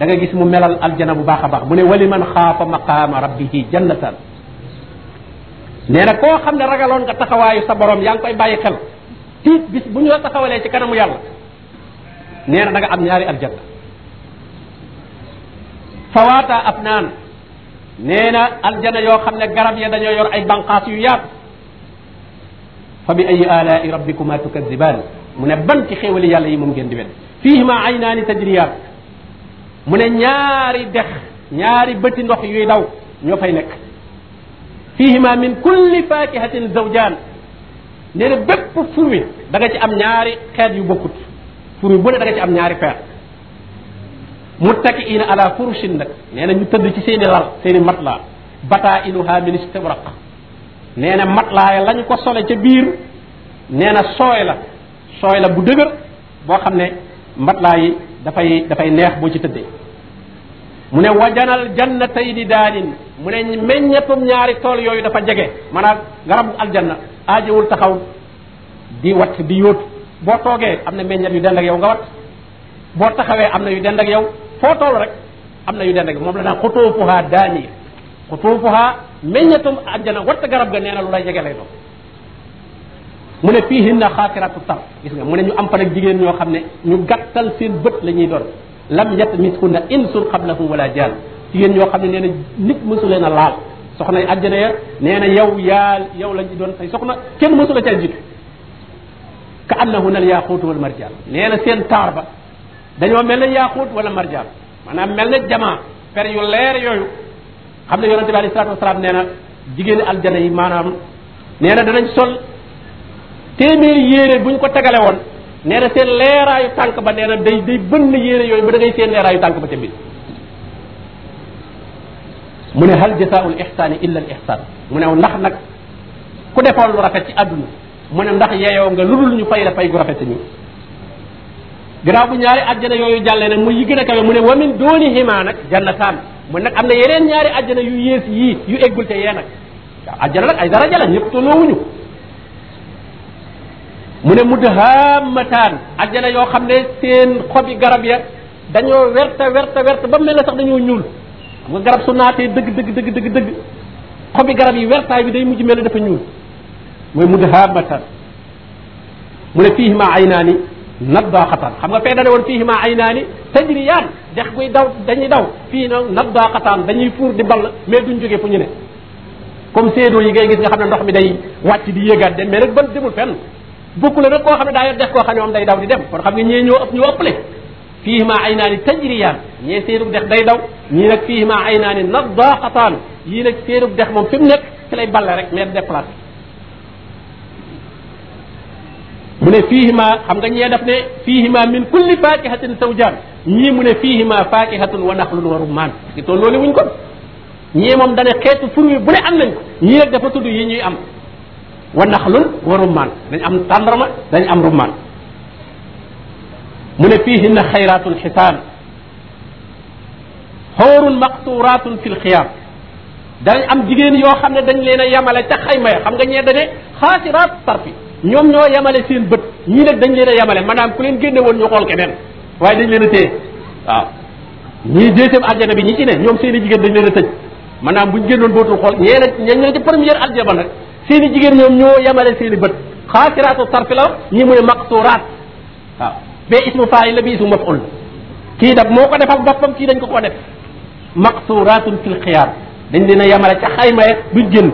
da nga gis mu melal aljana bu baax a baax mu ne wali man xaafa maqaama rabbihi jannatan nee na koo xam ne ragaloon nga taxawaayu sa borom yaa ngi koy bàyyi xel tiit bis bu ñu la taxawalee ci kanamu yàlla nee na da nga am ñaari aljana fawaata afnaan nee na aljana yoo xam ne garab ya dañoo yor ay banqaas yu yaatu fa bi ayi alaai rabbikuma tukadibaan mu ne ban ci xéewali yàlla yi moom ngeen di wedd fiihima aynaani tajriyaat mu ne ñaari dex ñaari bëti ndox yuy daw ñoo fay nekk fiihima min kulli fakihatin zawjaan nee na bépp fruit da nga ci am ñaari xeet yu bokkut fruit bu ne ci am ñaari peer mu muttakiina ala furushin nag nee na ñu tëdd ci seen lal seeni i matlaa bataa inuha min istibraq nee na matlaa ya la ko sole ca biir nee na sooy la sooy la bu dëgër boo xam ne matlaa yi dafay dafay neex boo ci tëddee mu ne wajanal jannatayni daanin mu ne meññetum ñaari tool yooyu dafa jege maanaam garabu aljanna aajowul taxaw di wat di yóotu boo toogee am na meññet yu dend ak yow nga wat boo taxawee am na yu dend ak yow foo toll rek am na yu dend moom la naa xutuufuhaa daaniya xutuufuhaa meññatum àjjana watt garab ga nee na lu lay jege lay mu ne fii hinna xaasiratu tar gis nga mu ne ñu am fa nag jigéen ñoo xam ne ñu gatal seen bët la ñuy doon lam yat miskunna insun qablahum wala jaan jigéen ñoo xam ne nee na nit mësu leen a laal soxna yi àjjana ya nee na yow yaa yow lañ ci doon say soxna kenn mësu la caa jiitu ka annahunna al yaaquutu wal marjaan nee na seen taar dañoo mel nañ yaaxuut wala marjaan maanaam mel nañ jamaa per yu leer yooyu xam ne yonente bi alei salatu wasalaam nee na jigéeni aljana yi maanaam nee na danañ sol téeméeri yéere bu ñu ko tegale woon nee na seen leeraayu tànk ba nee na day day bënn yéere yooyu ba da ngay seen leeraayu tànk ba ca biir mu ne hal jasaul ihsaani illa al ihsaan mu ne ndax nag ku defoon lu rafet ci àdduna mu ne ndax yeeyoo nga lu dul ñu fay la fay gu rafet ci ñu gannaaw bu ñaari àjjana yooyu jàllee nag mu yi gën a kawe mu ne wa min duunihimaa nag jannataan mu nag am na yeneen ñaari àjjana yu yées yii yu eggul te yee nag waaw àjjana nag ay daraja la ñëpp tolloowuñu mu ne mudhaammataan àjjana yoo xam ne seen xobi garab ya dañoo werta werta werta ba mel sax dañoo ñuul xam nga garab su naatee dëgg dëgg dëgg dëgg dëgg xobi garab yi wertaay bi day mujj mel ne dafa ñuul mooy mudhaammataan mu ne fiihimaa aynaani naddaxatan xam nga fee dane woon fii ma ay naa ni tajriyaan dex guy daw dañuy daw fii nag naddaxataan dañuy fuur di ball mais duñ jógee fu ñu ne comme seedoo yi ngay gis nga xam ne ndox mi day wàcc di yéegaat dem mais nag ban demul fenn bokku la nag koo xam ne daa yor dex koo xam ne day daw di dem kon xam nga ñee ñoo ëpp ñoo ëppale fii ma ay naa ni tajriyaan ñee seedug dex day daw ñii nag fii ma ay naa ni naddaxataan yii nag seedug dex moom fi mu nekk ci lay balle rek mais déplacé mu ne fiihima xam nga ñee daf ne fiihima min kulli faakihatin zawjaan ñii mu ne fiihima faakihatun wa naxlun wa rummaan i tool loolu wuñ kon ñii moom dane xeetu fruit bu ne am nañ ko ñii rek dafa tudd yi ñuy am wa naxlun wa rummaan dañ am tàndarma dañ am rummaan mu ne fiihinna xayraatun xisaan xóorun maqtuuraatun fil xiyaam dañ am jigéen yoo xam ne dañ leen a yamale ca xayma ya xam nga ñee dane xaasiraat tarfi ñoom ñoo yamale seen bët ñii nag dañ leen a yemale maanaam ku leen génne woon ñu xool keneen waaye dañ leen a téye waaw ñii deuxième aljana bi ñi ci ne ñoom seen i jigéen dañ leen a tëj maanaam buñ génnoon dootul xool ñee nag ñañ ne ci première aljana nag seen i jigéen ñoom ñoo yemale seeni i bët xaasiraatu tarfi la ñi muy maqsuraat waaw bee ismu faa'il la bi ismu maf'ul kii nag moo ko defal boppam kii dañ ko ko def maqsuraatun fil xiyaar dañ leen a yemale ca xayma yeeg duñ génn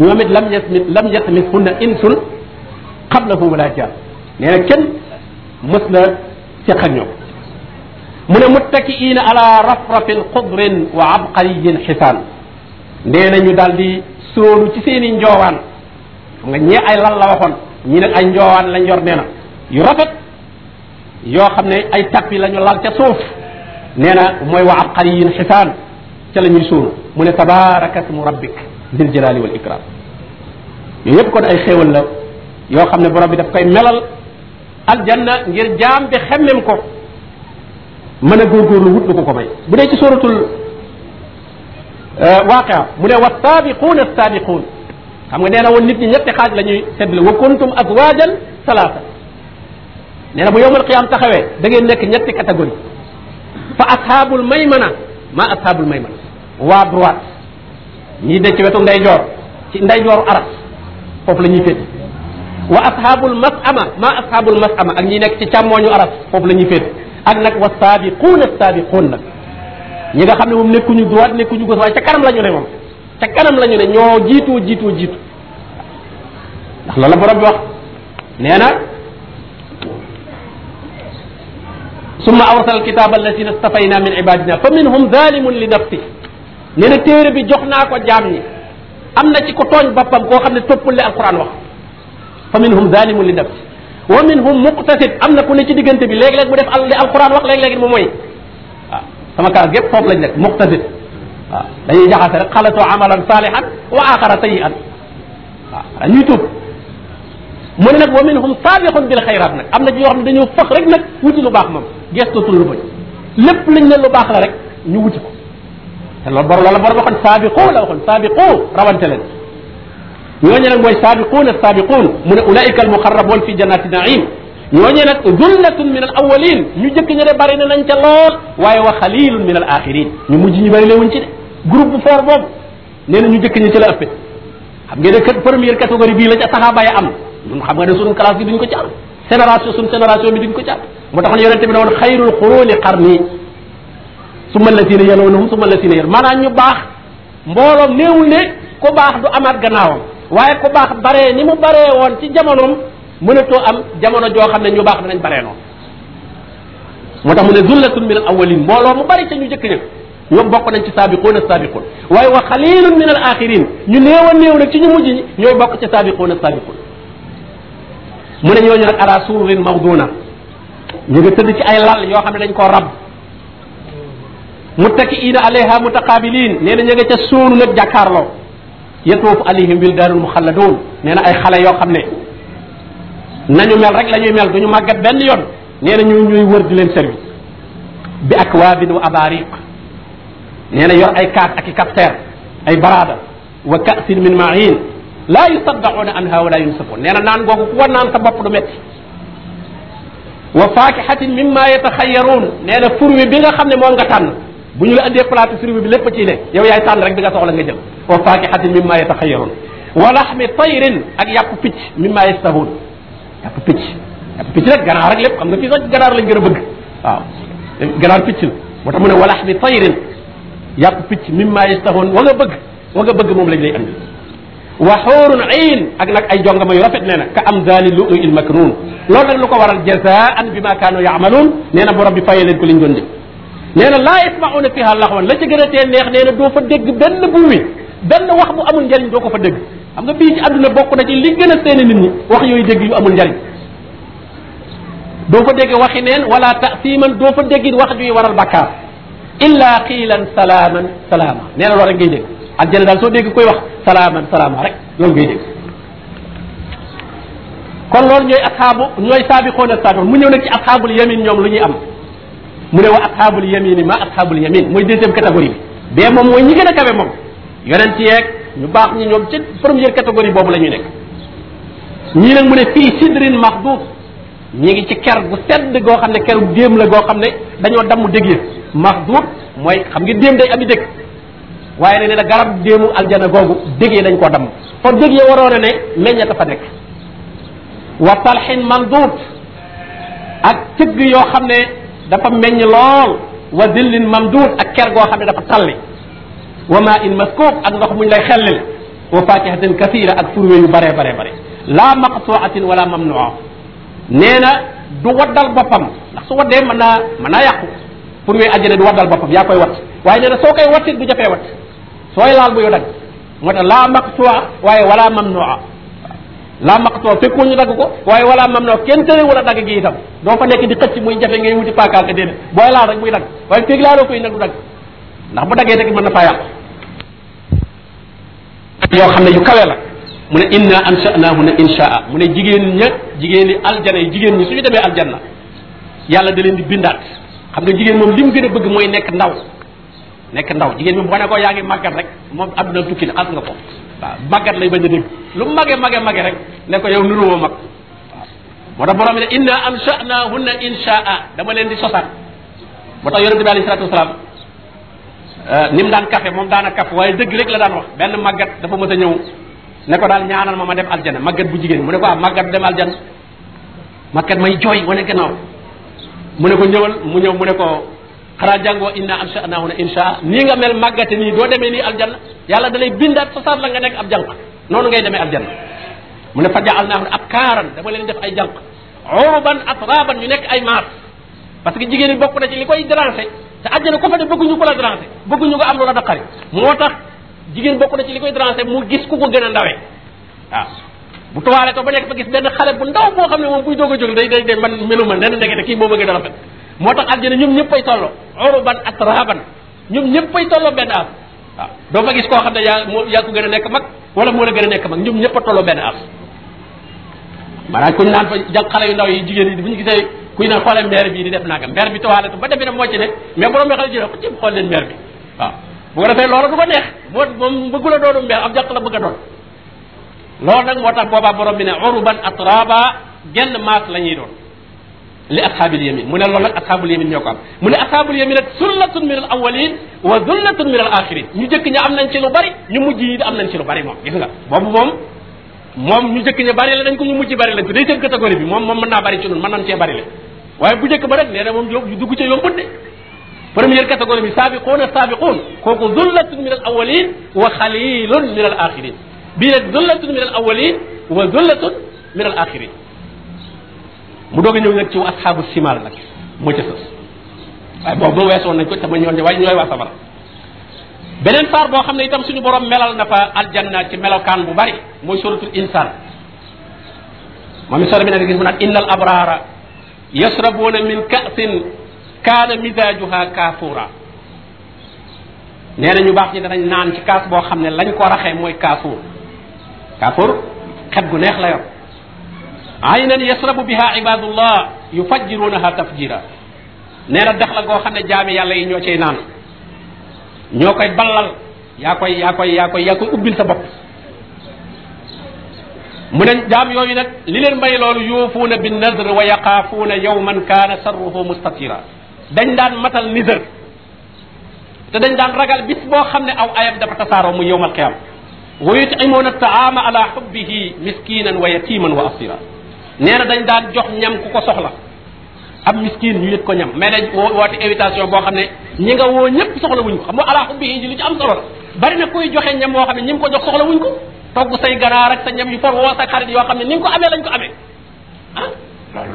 ñoom it lam yasmit lam yasmit hunna insun qablahum wala jaan nee na kenn mës na seq ak ñoom mu ne muttakiina ala rafrafin xudrin wa abqariyin xisaan nee na ñu daal di sóolu ci seen i njoowaan xam nga ñee ay lan la waxoon ñi nag ay njoowaan lañ yor nee na yu rafet yoo xam ne ay tappi la ñu lal ca suuf nee na mooy wa abqariyin xisaan ca la ñuy sóolu mu ne tabaraka smu rabbik dil jalali wal ikram yooyu yëpp kon ay xéewal la yoo xam ne borom bi daf koy melal aljanna ngir jaam bi xemmem ko mën a góorgóorlu wut lu ko ko may bu dee ci suratul euh, waaqia mu ne wa saabiquuna saabiquun xam nga nee na woon nit ñi ñetti xaaj lañuy ñuy seddle wa kuntum azwajan salaasa ne na bu yowmal qiyaam taxawee da ngeen nekk ñetti catégorie fa ashaabul maymana ma ashaabul maymana waa droite ñii de ci wetu ndeyjoor ci ndeyjooru aras foofu la ñuy wa ashabul mas'ama ma ashabul mas'ama ak ñi nekk ci càmmooñu araf foofu la ñuy féete ak nag wa saabiquuna saabiquun nag ñi nga xam ne moom nekkuñu droite nekkuñu gauche waaye ca kanam la ñu ne moom ca kanam la ñu ne ñoo jiitu jiitu jiitu ndax loolu la borom bi wax nee na summa awrasna alkitaba alladina stafayna min ibadina li nafsi nee na téere bi jox naa ko jaam ñi am na ci ko tooñ boppam koo xam ne toppul li alquran wax fa minhum zalimun li nafsi wa minhum muqtasid am na ku ne ci diggante bi léeg-léeg mu def al li alquran wax léeg-léeg mu mooy waaw sama kaas gépp foofu lañ nekk muqtasid waaw dañuy jaxase rek xalatoo amalan salihan wa axara sayian waaw ñuy tuub mu ne nag wa minhum saabixun bil xayraat nag am na ci yoo xam ne dañoo fëx rek nag wuti lu baax moom gestutul lu bañ lépp lañ ne lu baax la rek ñu wuti ko te la bor la la bor waxoon saabiqu la waxoon saabiqu rawante leen ñooñu nag mooy saabiquun ak saabiquun mu ne ulaika almuqarrabuun fi jannati naim ñooñu nag zullatun min a awalin ñu jëkk ña de bari na nañ ca lool waaye wa xalilun min al axirin ñu mujj ñu bari lewuñ ci de groupe bu fort boobu nee na ñu jëkk ña ci la ëppee xam ngeen ne première catégorie bii la ca saxaaba ya am ñun xam nga ne sunu classe bi duñ ko ci am génération sunu génération bi duñ ko ci am moo tax ne yonente bi ne woon xayrul xuruuni qarni summa lasina yaloonahum summa lasina yal maanaam ñu baax mbooloom néewul ne ku baax du amaat gannaawam waaye ku baax baree ni mu baree woon ci jamonoom mënatoo am jamono joo xam ne ñu baax danañ baree noonu moo tax mu ne zullatun min al awalin mbooloo mu bari ca ñu jëkk ñoom bokk nañ ci saabiquuna saabiquun waaye wa xalilun min al axirin ñu néew a néew ñu mujj ñi ñooy bokk ci saabiquuna saabiquun mu ne ñooñu nag ala sururin mawduna ñu nga tëdd ci ay lal yoo xam ne dañ koo rab muttakiina alayha mutaqabiliin nee na ña nga ca sóonu nag jàkkaarloo yatuufu alayhim wildaanun muxalladuun nee na ay xale yoo xam ne nañu mel rek la mel duñu màggat benn yoon nee na ñu di leen service bi akwaabin wa abaariq nee na yor ay kaas ak ay baraada wa kaasin min maayin laa yusaddaxuuna anha nee na naan googu ku wa naan sa bopp du métti wa faakihatin mimma yataxayaruun nee na fur wi bi nga xam ne moom nga bu ñu la andee plateau fruit bi lépp ciy ne yow yaay tànn rek bi nga soxla nga jël wa faakihatin mimma yataxayaroon wa laxmi tayrin ak yàpp picc mimma yastahoon yàpp picc yàpp picc nag ganaar rek lépp xam nga fii sax ganaar lañ gën a bëgg waaw ganaar picc la moo tax mu ne wa laxmi tayrin yàpp picc mimma yastahoon wa nga bëgg wa nga bëgg moom lañ lay andi wa xuurun ayn ak nag ay jongama yu rafet nee na ka am daali lu'lu'il maknuun loolu nag lu ko waral jazaan bi ma kaanu yaamaluun nee na borom bi fayee leen ko liñ doon def nee na laa yasmauna fiha laxwan la ca gën a tee neex nee na doo fa dégg benn buumi benn wax bu amul njariñ doo ko fa dégg am nga bii ci àdduna bokk na ci li gën a seeni nit ñi wax yooyu dégg yu amul njariñ doo fa dégg waxi neen wala tasiman doo fa dégg wax juy waral bakkaar illa qiilan salaaman salaama nee na loolu rek ngay dégg aljana daal soo dégg koy wax salaaman salaama rek loolu ngay dégg kon loolu ñooy ashaabu ñooy saabixoon ak saabiqoon mu ñëw nag ci ashaabul yamin ñoom lu ñuy am mu ne wa asxaabul yamini ma asxaabul yamin mooy deuxième catégorie bi bee moom mooy ñi gën a kawe moom yonent yeeg ñu baax ñi ñoom ci première catégorie boobu la ñu nekk ñii nag mu ne fii sidrin maxduus ñi ngi ci ker gu sedd goo xam ne ker gu déem la goo xam ne dañoo damm dégg maxduus mooy xam nga déem day am i dëkk waaye ne ne na garab déemu aljana googu dégg dañ koo damm fa dégg waroon ne meññata fa nekk wa talxin manduut ak cëgg yoo xam ne dafa meññ lool wa zillin mamduud ak ker goo xam ne dafa talli wa maa in maskuub ak ndox muñ lay xellil wa fakihatin kasira ak furwe yu bare bare bare laa maqtuatin wala mamnua nee na du waddal boppam ndax su ma na naa mën naa yàqu furwe ajjana du waddal boppam yaa koy wat waaye nee na soo koy wat it du jafee wat sooy laal bu yu dag moo tax laa maqtua waaye wala mamnua laa maqtoo fekkul ñu dagg ko waaye wala mam na kenn tëre wala dagg gi itam doo fa nekk di xëcc muy jafe ngay wuti paakaaka déedéet booy laal rek muy dagg waaye feeg laaloo koy nag du dagg ndax bu daggee rek mën na faa yàq yoo xam ne yu kawe la mu ne inna ansha'nahu na insha'a mu ne jigéen ña jigéen ñi aljana yi jigéen ñi suñu demee aljanna yàlla da leen di bindaat xam nga jigéen moom li mu gën a bëgg mooy nekk ndaw nekk ndaw jigéen moom boo ne ko yaa ngi màggat rek moom adduna tukki na at ko waaw màggat lay ba a dégg lu mage mage mage rek ne ko yow nuruwoo mag waaw moo tax borom ne inna anshanahunna inshaa dama leen di sosaat moo tax yonente bi alei salatu wasalaam euh, ni daan kafe moom daana kaf waaye dëgg rek la daan wax benn màggat dafa mës a ñëw ne ko daal ñaanal ma ma dem aljana màggat bu jigéen mu ne ko ah màggat dem aljana màggat may jooy wane gannaaw mu ne ko ñëwal mu ñëw mu ne ko xanaa jàngoo inna ansha'nahunna insha nii nga mel màggate nii doo demee nii aljanna yàlla dalay bindaat fasaat la nga nekk ab jànq noonu ngay demee aljanna mu ne fa ja'alnahunna abkaaran dama leen def ay jànq uruban atraban ñu nekk ay maat parce que jigéen ñi bokk na ci li koy déranger te àjjana ko fa ne bëgguñu ko la déranger bëgguñu ko am lu da naqari moo tax jigéen bokk na ci li koy déranger mu gis ku ko gën a ndawee waaw bu toiletto ba nekk fa moo ma moo tax aljana ñoom ñëppay tolloo uruban atraban ñoom ñëppay tolloo benn af waaw doo fa gis koo xam ne yaa moo yaa ko gën a nekk mag wala moo la gën a nekk mag ñoom ñëpp a tolloo benn af maanaam kuñ naan fa jàng xale yu ndaw yi jigéen yi bu ñu gisee kuy naan xoolee maire bi di def nangam maire bi toilette ba defe ne moo ci ne mais borom bi xale jël ko ci xool leen maire bi waaw bu ko defee loolu du ko neex moo moom bëggula doonu mbeer am jàq la bëgg a doon loolu nag moo tax boobaa borom bi ne uruban atraba genn maas la ñuy doon li ashaabil yamin mu ne loolu nag ashaabul yamin ñoo ko am mu ne ashaabul yamin nag sullatun min al awalin wa zullatun min al axirin ñu jëkk ña am nañ ci lu bari ñu mujj yi am nañ ci lu bari moom gis nga boobu moom moom ñu jëkk ña bari la dañ ko ñu mujj bari la day seen catégorie bi moom moom mën naa bari ci noonu mën nañ cee bari la waaye bu jëkk ba rek nee na moom yow dugg ca yombut de première catégorie bi saabiquuna saabiquun kooku zullatun min al awalin wa xalilun min al axirin bii nag zullatun min al awalin wa zullatun min al axirin mu doog a ñëw nag ci asxaabu simaal nag moo ca sës waaye boobu weesoon nañ ko te ma ñëwoon ne waaye ñooy waa safara beneen saar boo xam ne itam suñu boroom melal na fa aljanna ci melokaan bu bari mooy suratul insaan moom it sore bi nag gis mu naan innal abraara yasrabuuna min ka'sin kaana misaajuha kaafuura nee na ñu baax ñi danañ naan ci kaas boo xam ne lañ ko raxee mooy kaafuur kaafuur xet gu neex la yor aynan yasrabu biha ibadullah yufajjirunaha tafjira nee na dex la goo xam ne jaami yàlla yi ñoo cay naan ñoo koy ballal yaa koy yaa koy yaa koy yaa koy ubbil sa bopp mu ne jaam yooyu nag li leen may loolu yuufuuna bi nadr wa yaqaafuuna yawman kaana sarruhu mustatira dañ daan matal nidër te dañ daan ragal bis boo xam ne aw ayam dafa tasaaroo mu yowmal qiyaam wa yutimuuna taama ala xubbihi miskinan wa yatiman wa asira nee na dañ daan jox ñam ku ko soxla ab miskin ñu yët ko ñam mais dañ woo invitation boo xam ne ñi nga woo ñëpp soxla wuñ ko xam nga ala xubbi ci am solo la bari na koy joxe ñam woo xam ne ñi ko jox soxla wuñ ko togg say ne ni nga ko amee lañ ko amee ah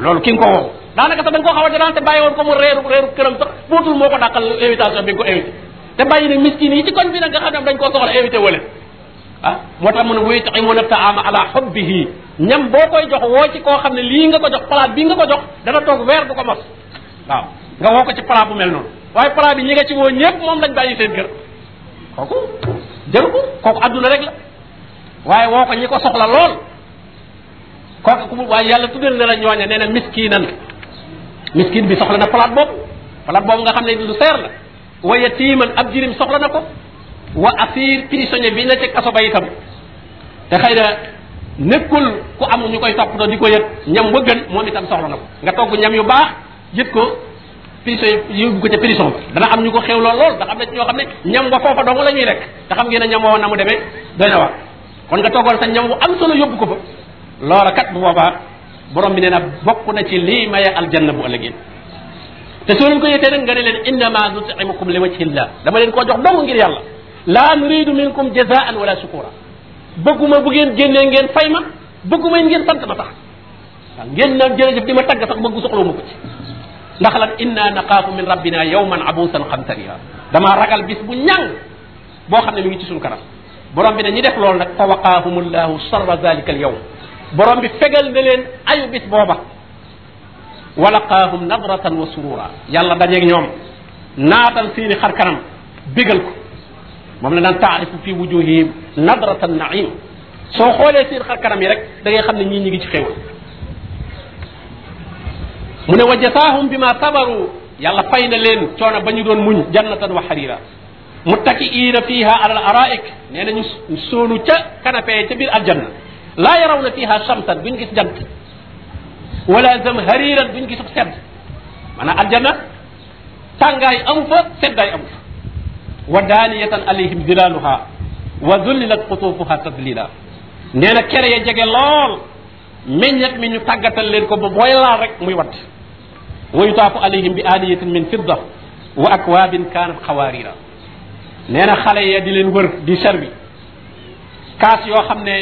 loolu ki nga ko woo daanaka sax da nga ko xaw a danaan te bàyyi woon ko mu reeru reeru këram sax bootul moo ko dàqal invitation bi nga ko invité te bàyyi ne miskin yi ci kon bi nag nga xam ne dañ koo soxla invité wala ah moo tax mu ne wuy taximoon a taama ala hubbihi ñam boo koy jox woo ci koo xam ne lii nga ko jox palaat bii nga ko jox dana toog weer bu ko mos waaw nga woo ko ci palaat bu mel noonu waaye palaat bi ñi nga ci woo ñëpp moom lañ bàyyi seen kër kooku jëru ko kooku adduna rek la waaye woo ko ñi ko soxla lool kooku ku waaye yàlla tuddal na la ñooña nee na miskinan miskin bi soxla na palaat boobu palaat boobu nga xam ne lu seer la wa yatiman ab jirim soxla na ko wa asir prisonnier bi na ca kaso ba tam te xëy na nekkul ku am ñu koy toppatoo di ko yët ñam wa gën moom itam soxla na ko nga togg ñam yu baax yët ko prison yóbbu ko ca prison ba dana am ñu ko xew lool lool ndax am na ñoo xam ne ñam wa foofa dong la ñuy te xam ngeen ne ñam woo na mu demee doy na wax kon nga toggoon sa ñam wu am solo yóbbu ko fa loola bu boobaa borom bi nee na bokk na ci lii maye aljanna bu ëllëgee te soo leen ko yëtee nag nga ne leen innama dama leen koo jox dong ngir yàlla laa nuridu minkum jazaan wala shukura bëgguma bu ngeen génnee ngeen fay ma bëgguma ngeen sant ma tax waaw ngeen naan jërëjëf di ma tagg sax bëggu soxla ma ko ci ndax lan inna naqaafu min rabbina yawman abuusan xamtariya damaa ragal bis bu ñàng boo xam ne mi ngi ci suñu kanam borom bi ne ñi def loolu nag fa waqaahum llahu sharra zalika al yawm borom bi fegal na leen ayu bis booba wa laqaahum nadratan wa surura yàlla dajeeg ñoom naatal seeni xar kanam bégal ko moom la naan taarifu fi wujuhihim nadrata naim soo xoolee seen xar kanam yi rek da ngay xam ne ñii ñi ngi ci xéwal mu ne wa jasaahum bi ma sabaru yàlla fay na leen coono ba ñu doon muñ jannatan wa xarira muttakiina fiha ala al araik nee nañu soonu ca canapé ca biir aljanna laa yarawna fiha shamsan buñ gis jant wala zamhariran buñ gis sedd maanaam aljanna tàngaay amu fa seddaay amu fa wa daaniyatan alayhim zilaaluha wa zullilat qutuufuha tadlila nee na kere ya jege lool meññet mi ñu tàggatal leen ko ba booy laal rek muy watt wa yutaafu alayhim bi aaniyatin min fidda wa akwaabin kaanat xawaarira nee na xale ya di leen wër di servi kaas yoo xam ne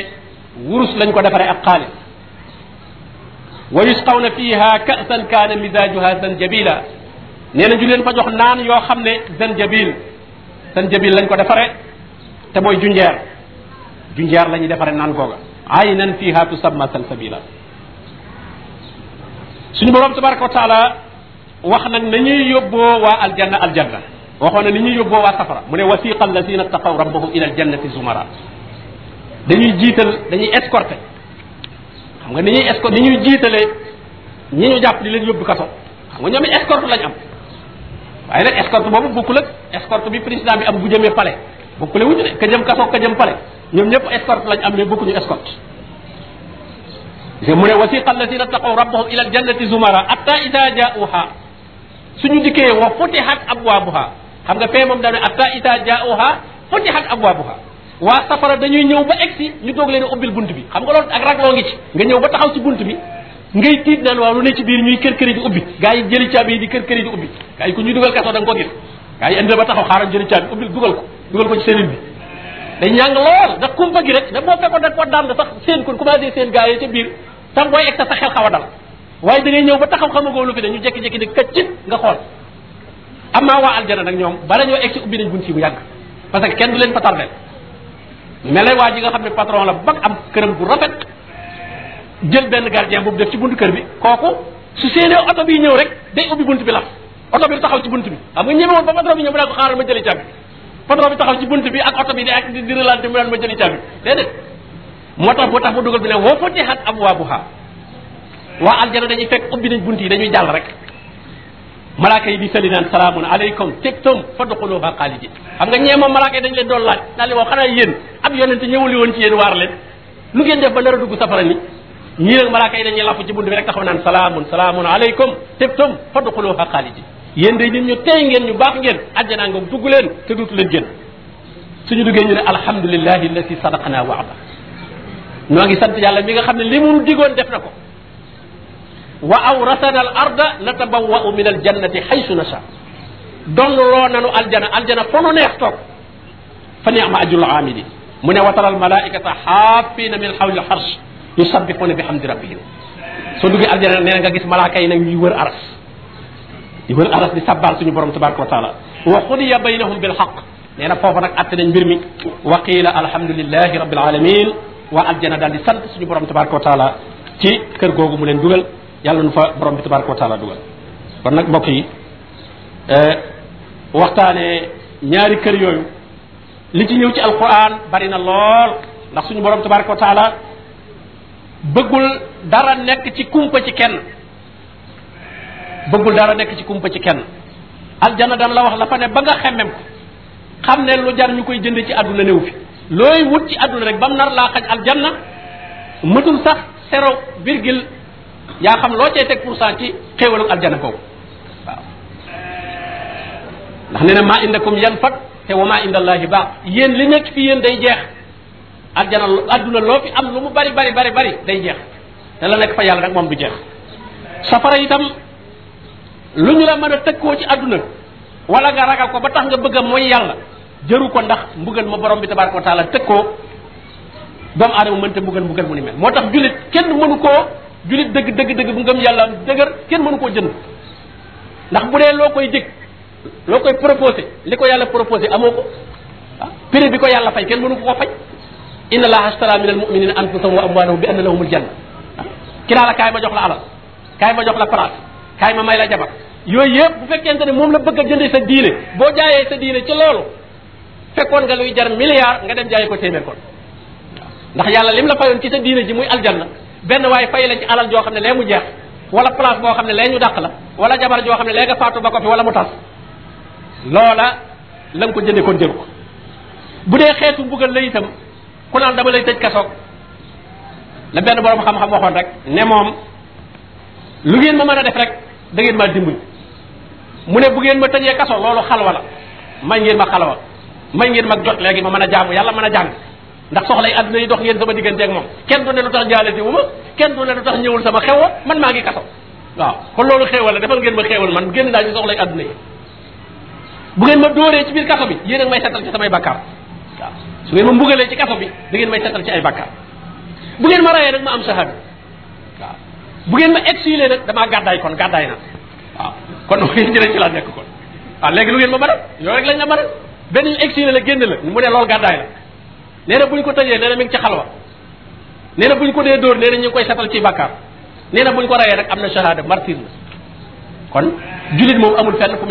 wurus lañ ko defaree ak xaalis wa yusqawna fiha ka'san kaana mizaajuha zanjabila nee na ñu leen fa jox naan yoo xam ne zanjabil san jabil lañ ko defare te mooy junjeer junjeer la ñuy defare naan googa aynan fiha tusamma salsabila suñu borom tabaraka wa taala wax nag nañuy yóbboo waa aljanna aljanna waxoon na ni ñuy yóbboo waa safara mu ne wasiqa allazina taqaw rabbahum ila aljannati zumara dañuy jiital dañuy escorté xam nga ni ñuy escorté ni ñuy jiitale ñu ñu jàpp di leen yóbbu kaso xam nga ñoom escorte lañ am waaye nag escorte boobu bokkul ak escorte bi président bi am bu jëmee palais bokkule wuñu ne ka jëm kaso ka jëm palais ñoom ñëpp escorte lañ am mais bokkuñu escorte mu ne wasiqa alladina taqaw rabbahum ila aljannati zumara atta ida jaauha suñu dikkee wa futihat abwaabuha xam nga fee moom daal ne atta ida jaauha futihat abwaabuha waa safara dañuy ñëw ba egsi ñu doog leen a bunt bi xam nga loolu ak ragloo ngi ci nga ñëw ba taxaw ci bunt bi ngay tiit naan waaw lu ne ci biir ñuy kër këri di ubbi gaa yi jëli caabi yi di kër këri di ubbi gaa yi ku ñuy dugal kaso da nga ko gis gaa yi indi ba taxaw xaaral jëli da boo fekkoon da ko daan sax lu fi ne ñu jekki-jekki ne këccit nga xool amaa waa aljana nag ñoom bala ñoo egg si ubbi nañ bunt yi bu yàgg parce que kenn bu leen fa tardel mele waa ji nga xam ne patron la ba am këram bu rafet jël benn gardien boobu def ci buntu kër bi kooku su séenee oto bi ñëw rek day ubbi bunt bi la oto bi taxaw ci bunt bi xam nga ñeme woon ba patron bi ñëw mu naa ko xaaral ma bi taxaw ci bunt bi ak oto bi day ak di di relante mu ma jëli caabi déedéet moo tax boo tax bu dugal bi ne woo futihat ubbi nañ bunt yi dañuy jàll rek malaaka yi di sali naan salaamun aleykum tegtoom fadxuluha xaalidin xam nga ñeema malaaka yi dañ leen doon laaj daal li woo xanaa yéen ab yonente ñëwul woon ci yéen waar leen lu ngeen def ba nar a dugg safara ni ñii nag malaaka yi dañuy lapp ci bunt bi rek taxaw naan salaamun salaamun aleykum tibtum fadxuluha xaalidi yéen day nit ñu tey ngeen ñu baax ngeen àjjanaa nga dugg leen te duutu leen génn suñu duggee ñu ne alhamdulillahi allati sadaqana waada noo ngi sant yàlla mi nga xam ne li mu digoon def na ko wa awrasana al arda natabawwa'u min al jannati haysu nasha donnloo nanu aljana aljana fa nu neex toog fa ni'ma ajrul aamili mu ne wa taral malaikata xaafina min xawli al arsh yusabbihuna bi hamdi rabbihim soo duggee aljana nee na nga gis malaaka yi nag ñuy wër aras yu wër aras di sabbaal suñu borom tabaraka wa taala wa xudiya baynahum bil xaq nee na foofa nag atte nañ mbir mi wa qiila alhamdulillahi rabbil alamin waa aljana daal di sant suñu borom tabaraka wa taala ci kër googu mu leen dugal yàlla nu fa borom bi tabaraka wa taala dugal kon nag mbokk yi e, ñaari kër yooyu li ci ñëw ci alquran bari na lool ndax suñu borom tabaraka wa taala bëggul dara nekk ci kumpa ci kenn bëggul dara nekk ci kumpa ci kenn aljana dan la wax la fa ne ba nga xemmem ko xam ne lu jar ñu koy jënd ci àdduna néew fi looy wut ci àdduna rek ba mu nar laa xaj aljanna mëtul sax zéro virgule yaa xam loo cee teg pour cent ci xéewalu aljana kooku waaw ndax nee na maa indakum yan fat te wa maa indallahi baax yéen li nekk fi yéen day jeex aljana adduna loo fi am lu mu bari bari bari bari day jeex te la nekk fa yàlla nag moom du jeex safara itam lu ñu la mën a koo ci adduna wala nga ragal ko ba tax nga bëgg a mooy yàlla jëru ko ndax mbugal ma borom bi tabaraka wa taala koo doomu aadama mënta mbugal mbugal mu ni mel moo tax jullit kenn mënu koo jullit dëgg dëgg dëgg bu ngëm yàlla am dëgër kenn mënu koo jënd ndax bu dee loo koy jëg loo koy proposé li ko yàlla proposé amoo ko ah prix bi ko yàlla fay kenn mënu ko ko fay inna allaha astara min al muminina anfusahum wa amwalahum bi anna lahumul janna ki naa la kaay ma jox la alal kaay ma jox la place kaay ma may la jabar yooyu yëpp bu fekkente ne moom la bëgg a jëndee sa diine boo jaayee sa diine ci loolu fekkoon nga luy jar milliard nga dem jaayee ko téeméer kon ndax yàlla lim la fayoon ci sa diine ji muy aljanna benn waaye fay la ci alal joo xam ne lee mu jeex wala place boo xam ne lee ñu dàq la wala jabar joo xam ne lee nga faatu ba ko fi wala mu tas loola la ko jëndee ko bu dee xeetu mbugal la itam ku naan dama lay tëj kasoog la benn borom xam-xam waxoon rek ne moom lu ngeen ma man a def rek da ngeen maa dimbali mu ne bu ngeen ma tëjee kaso loolu xalwa la may ngeen ma xalwa may ngeen ma jot léegi ma mën a jaamu yàlla mën a jàng ndax soxlay àdduna yi dox ngeen sama diggante ak moom kenn du ne lu tax jaalati wu ma kenn du ne lu tax ñëwul sama xew man maa ngi kaso waaw kon loolu xeewal la defal ngeen ma xeewal man génn naa ci soxlay àdduna yi bu ngeen ma dóoree ci biir bi yéen a may setal ci su ngeen ma mbugalee ci kaso bi da ngeen may setal ci ay bàkkaar bu ngeen ma rayee nag ma am shahada waaw bu ngeen ma exilé nag damaa gàddaay kon gàddaay na waaw kon ngeen jëlee ci laa nekk kon waaw léegi lu ngeen ma mënal yooyu rek lañ la mënal benn ñu la génn la mu ne lool gàddaay la nee bu ñu ko tëjee nee na mi ngi ci xalwa nee na bu ñu ko dee dóor nee na ñu ngi koy setal ci bàkkaar nee na bu ñu ko reyee nag am na shahada martyr la kon julit moom amul fenn fu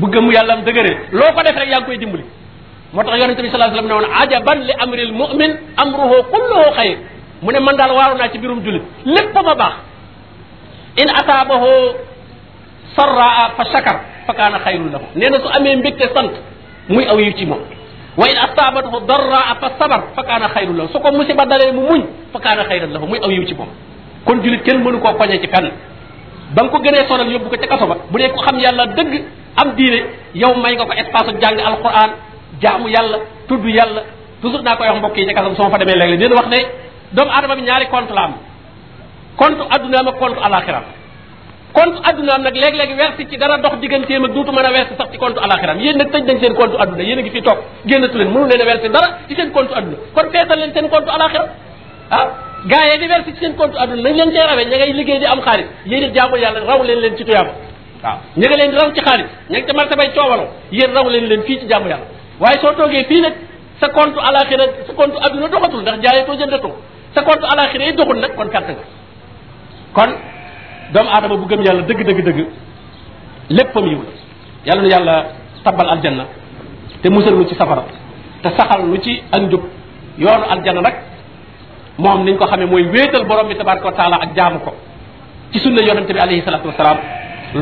bu gëm yàlla am dëgëree loo ko def rek yaa ngi koy dimbali moo tax yonente bi sallallahu alayhi wa sallam ne woon ajaban li amril mu'min amruhu kulluhu xayr mu ne man daal waaru naa ci mbirum jullit lépp ma baax in ataabahu sarraa fa shakar fa kaana xayrun lahu nee na su amee mbégte sant muy aw yiw ci moom wa in astaabatahu darraa fa sabar fa kaana xayrun lahu su ko musiba dalee mu muñ fa kaana xayrun lahu muy aw yiw ci moom kon jullit kenn mënu koo poñe ci fenn ba nga ko gënee sonal yóbbu ko ca kaso ba bu dee ko xam yàlla dëgg am diine yow may nga ko espace jàng alquran jaamu yàlla tudd yàlla toujours naa koy wax mbokk yi ci kasam soo fa demee léeg-léeg dina wax ne doomu aadama bi ñaari compte la am compte addunaam ak compte alaxiram compte addunaam nag léeg-léeg wersi ci dara dox digganteem ak duutu mën a wersi sax ci compte alaxiram yéen nag tëj nañ seen compte adduna yéen a ngi fi toog génnatu leen mënu leen a wersi dara ci seen compte adduna kon feesal leen seen compte alaxiram ah gars yi di wersi ci seen compte adduna nañ leen cee rawee ña ngay liggéey di am xaalis yéen it jaamu yàlla raw leen leen ci tuyaaba waaw ña nga leen di raw ci xaalis ña nga ca martabay coowaloo yéen raw leen leen fii ci jaamu yàlla waaye soo toogee fii nag sa compte alaxira sa compte adduna doxatul ndax jaayatoo jëndatoo sa compte alaxira yi doxul nag kon kàtt nga kon doomu aadama bu gëm yàlla dëgg dëgg dëgg léppam yi yàlla na yàlla tabal aljanna te musal nu ci safara te saxal nu ci ak njub yoonu aljanna nag moom niñ ko xamee mooy wéetal borom bi tabaraka wa taala ak jaamu ko ci sunna yonente bi alayhi salatu wasalaam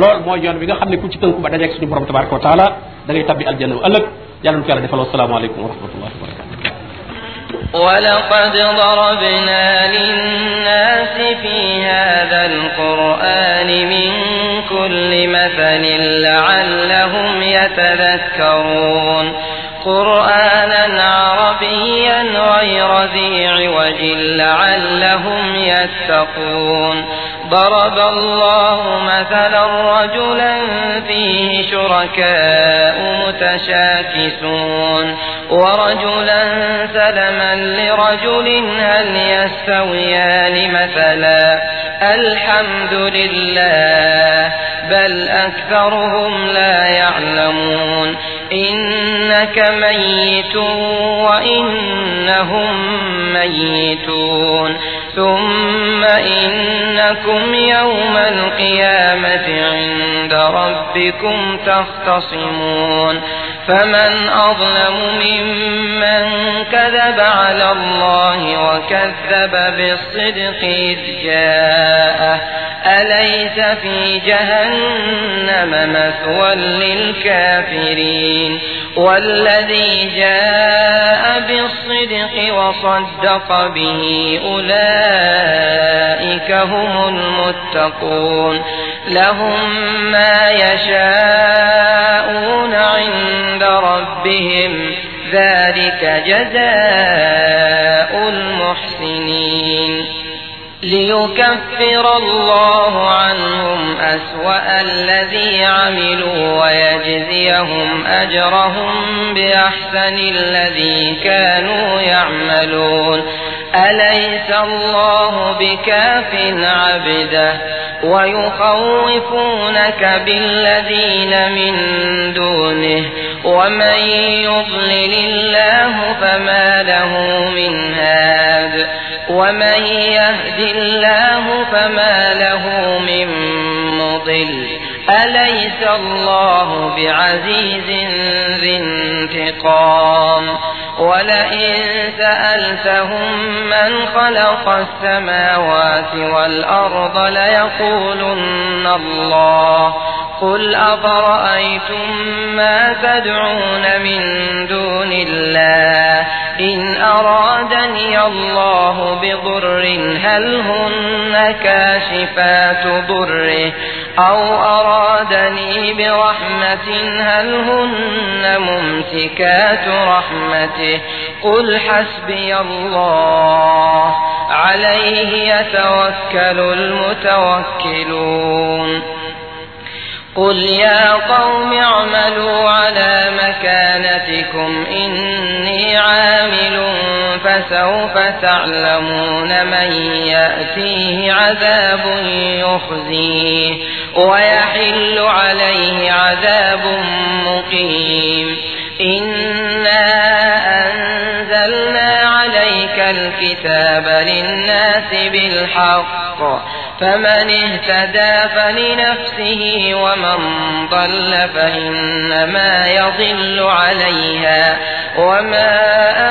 loolu mooy yoon bi nga xam ne ku ci tënku ba dajeeg suñu borom tabaraka wa taala da ngay tabbi aljanna ëllëg yàlla na ko yàlla defal asalaamaaleykum wa rahmatullahi wa barakatu ولقد ضربنا للناس في هذا القرآن من كل مثل لعلهم يتذكرون قرآنا عربيا غير ذي عوج لعلهم يتقون ضرب الله مثلا رجلا فيه شركاء متشاكسون ورجلا سلما لرجل هل يستويان مثلا الحمد لله بل أكثرهم لا يعلمون إنك ميت وإنهم ميتون ثم إن أنكم يوم القيامة عند ربكم تختصمون فمن أظلم ممن كذب على الله وكذب بالصدق إذ جاءه أليس في جهنم مثوى للكافرين والذي جاء بالصدق وصدق به أولئك هم المتقون لهم ما يشاءون عند ربهم ذلك جزاء المحسنين ليكفر الله عنهم أسوأ الذي عملوا ويجزيهم أجرهم بأحسن الذي كانوا يعملون أليس الله بكاف عبده ويخوفونك بالذين من دونه ومن يضلل الله فما له من هاد ومن يهد الله فما له من مضل أليس الله بعزيز ذي انتقام ولئن سألتهم من خلق السماوات والأرض ليقولن الله قل أفرأيتم ما تدعون من دون الله إن أرادني الله بضر هل هن كاشفات ضره أو أرادني برحمة هل هن ممسكات رحمته قل حسبي الله عليه يتوكل المتوكلون قل يا قوم اعملوا على مكانتكم إني عامل فسوف تعلمون من يأتيه عذاب يخزيه ويحل عليه عذاب مقيم إنا أنزلنا عليك الكتاب للناس بالحق فمن اهتدى فلنفسه ومن ضل فإنما يضل عليها وما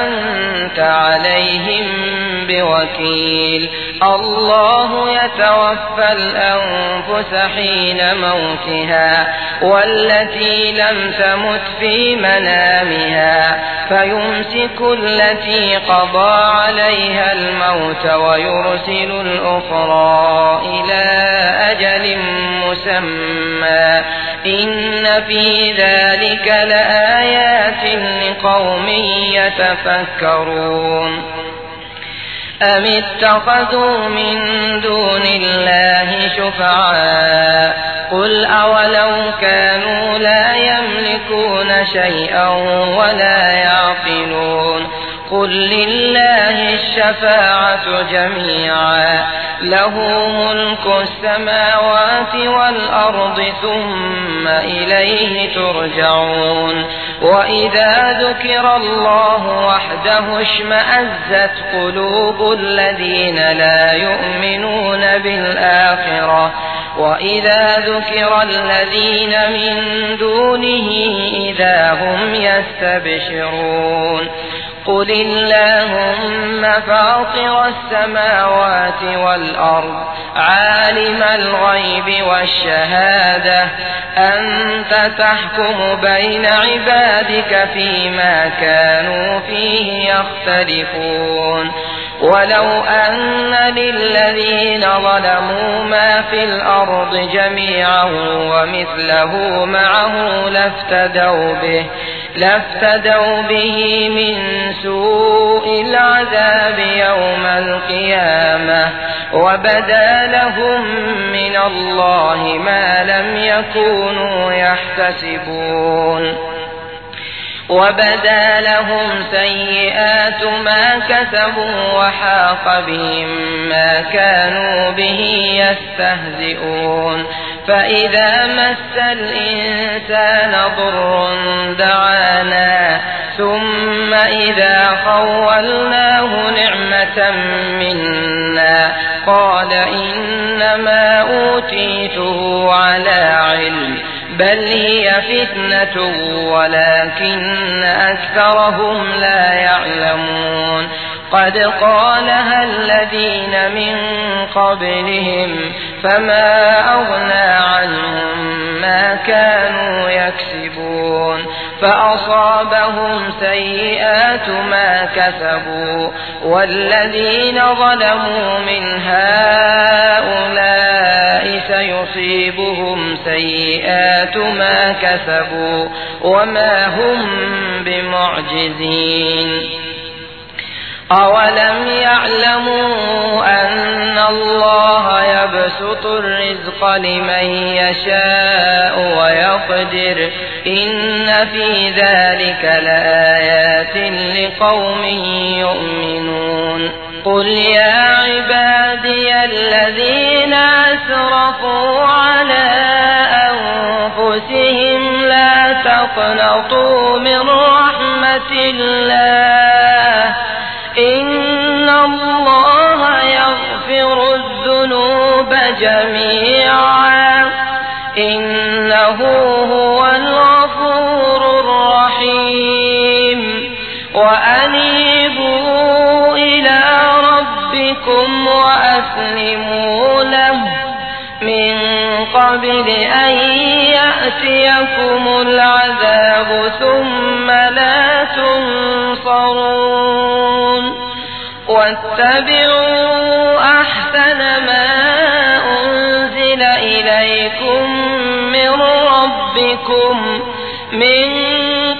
أنت عليهم بوكيل الله يتوفى الأنفس حين موتها والتي لم تمت في منامها فيمسك التي قضى عليها الموت ويرسل الأخرى إلى أجل مسمى إن في ذلك لآيات لقوم يتفكرون أم اتخذوا من دون الله شفعاء قل أولو كانوا لا يملكون شيئا ولا يعقلون قل لله الشفاعة جميعا له ملك السماوات والأرض ثم إليه ترجعون وإذا ذكر الله وحده اشمأزت قلوب الذين لا يؤمنون بالآخرة وإذا ذكر الذين من دونه إذا هم يستبشرون قل اللهم فاطر السماوات والأرض عالم الغيب والشهادة أنت تحكم بين عبادك فيما كانوا فيه يختلفون ولو أن للذين ظلموا ما في الأرض جميعا ومثله معه لافتدوا به لافتدوا به من سوء العذاب يوم القيامة وبدا لهم من الله ما لم يكونوا يحتسبون وبدا لهم سيئات ما كسبوا وحاق بهم ما كانوا به يستهزئون فإذا مس الإنسان ضر دعانا ثم إذا خولناه نعمة منا قال إنما أوتيته بل هي فتنة ولكن أكثرهم لا يعلمون قد قالها الذين من قبلهم فما أغنى عنهم ما كانوا يكسبون فأصابهم سيئات ما كسبوا والذين ظلموا من هؤلاء سيصيبهم سيئات سيئة ما كسبوا وما هم بمعجزين أولم يعلموا أن الله يبسط الرزق لمن يشاء ويقدر إن في ذلك لآيات لقوم يؤمنون قل يا عبادي الذين تقنطوا من رحمة الله إن الله يغفر الذنوب جميعا إنه هو الغفور الرحيم وأنيبوا إلى ربكم وأسلموا له من قبل أن يأتيكم العذاب العذاب ثم لا تنصرون واتبعوا أحسن ما أنزل إليكم من ربكم من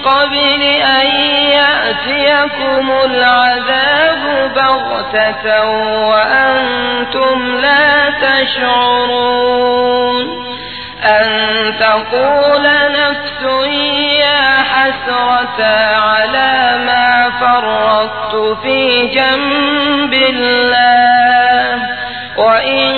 قبل أن يأتيكم العذاب بغتة وأنتم لا تشعرون أن تقول نفس يا حسرة على ما فرطت في جنب الله وإن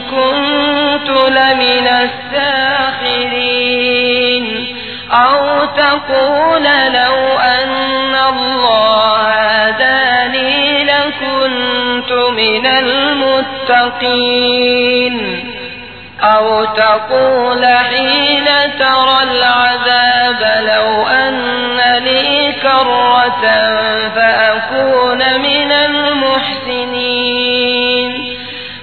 كنت لمن الساخرين أو تقول لو أن الله هداني لكنت من المتقين أو تقول حين ترى العذاب لو أن لي كرة فأكون من المحسنين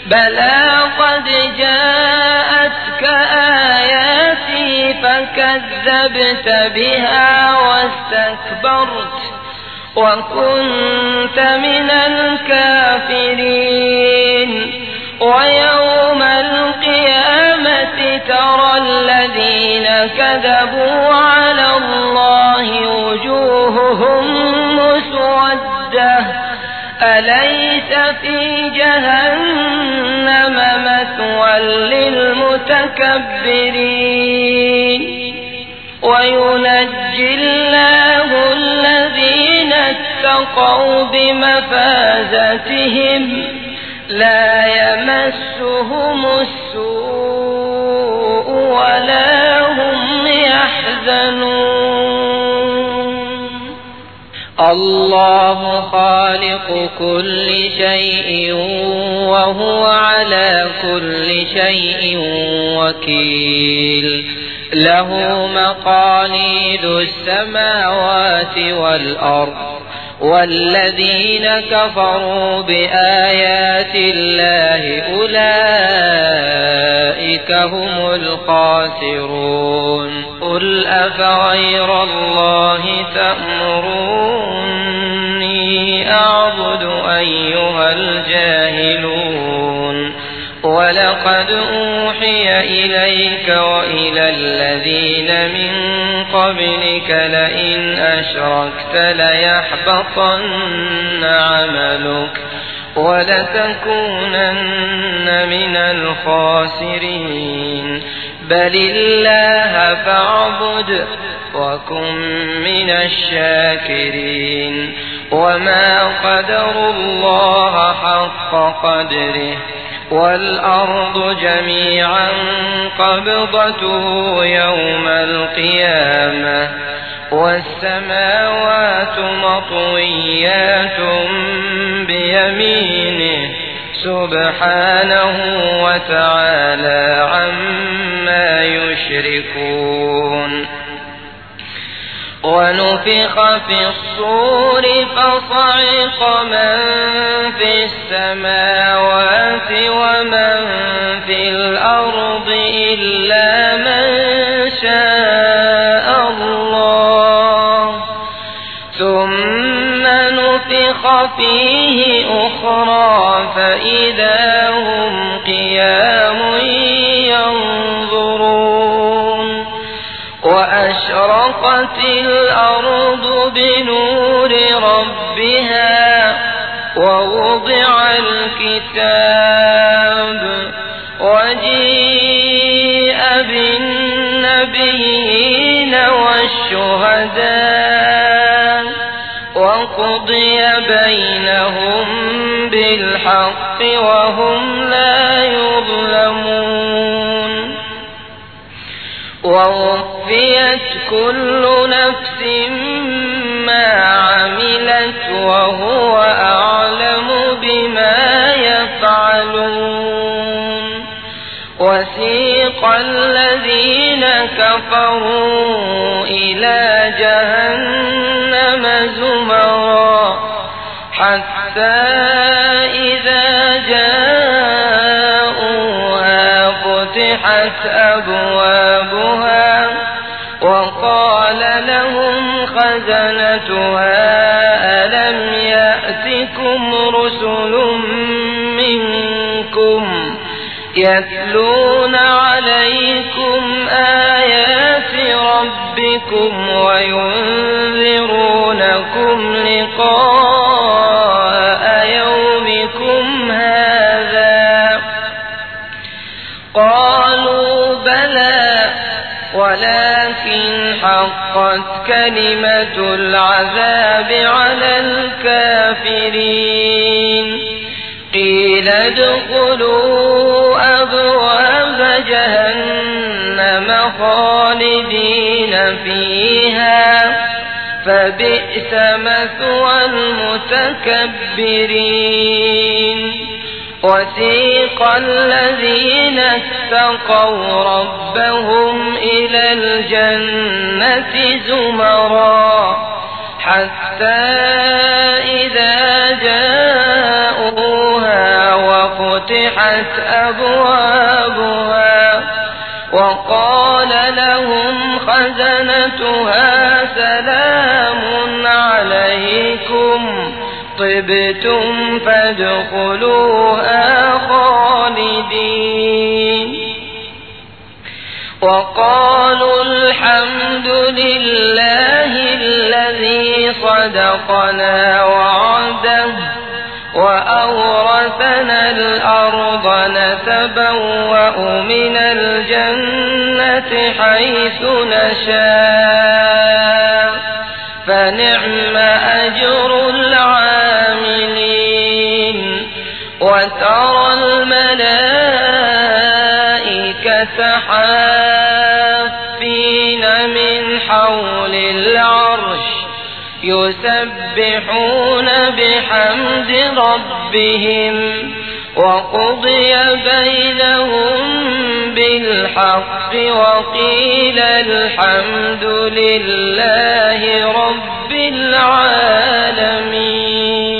بلى قد جاءتك آياتي فكذبت بها واستكبرت وكنت من الكافرين ويوم الذين كذبوا على الله وجوههم مسودة أليس في جهنم مثوى للمتكبرين وينجي الله الذين اتقوا بمفازتهم لا يمسهم السوء ولا هم يحزنون الله خالق كل شيء وهو على كل شيء وكيل له مقاليد السماوات والأرض والذين كفروا بآيات الله أولئك هم الخاسرون قل أفغير الله تأمروني أعبد أيها الجاهلون ولقد أوحي إليك وإلى الذين من قبلك لئن أشركت ليحبطن عملك ولتكونن من الخاسرين بل الله فاعبد وكن من الشاكرين وما قدر الله حق قدره والأرض جميعا قبضته يوم القيامة والسماوات مطويات بيمينه سبحانه وتعالى عما يشركون ونفخ في الصور فصعق من في السماوات ومن في الأرض إلا من الكتاب وجيء بالنبيين والشهداء وقضي بينهم بالحق وهم لا يظلمون ووفيت كل نفس ما عملت وهم الذين كفروا إلى جهنم زمرا حتى إذا جاءوها فتحت أبوابها وقال لهم خزنتها ألم يأتكم رسل يتلون عليكم آيات ربكم وينذرونكم لقاء يومكم هذا قالوا بلى ولكن حقت كلمة العذاب على الكافرين قيل ادخلوا فيها فبئس مثوى المتكبرين وسيق الذين اتقوا ربهم إلى الجنة زمرا حتى إذا جاءوا تبتم فادخلوها خالدين وقالوا الحمد لله الذي صدقنا وعده وأورثنا الأرض نتبوأ من الجنة حيث نشاء يسبحون بحمد ربهم وقضي بينهم بالحق وقيل الحمد لله رب العالمين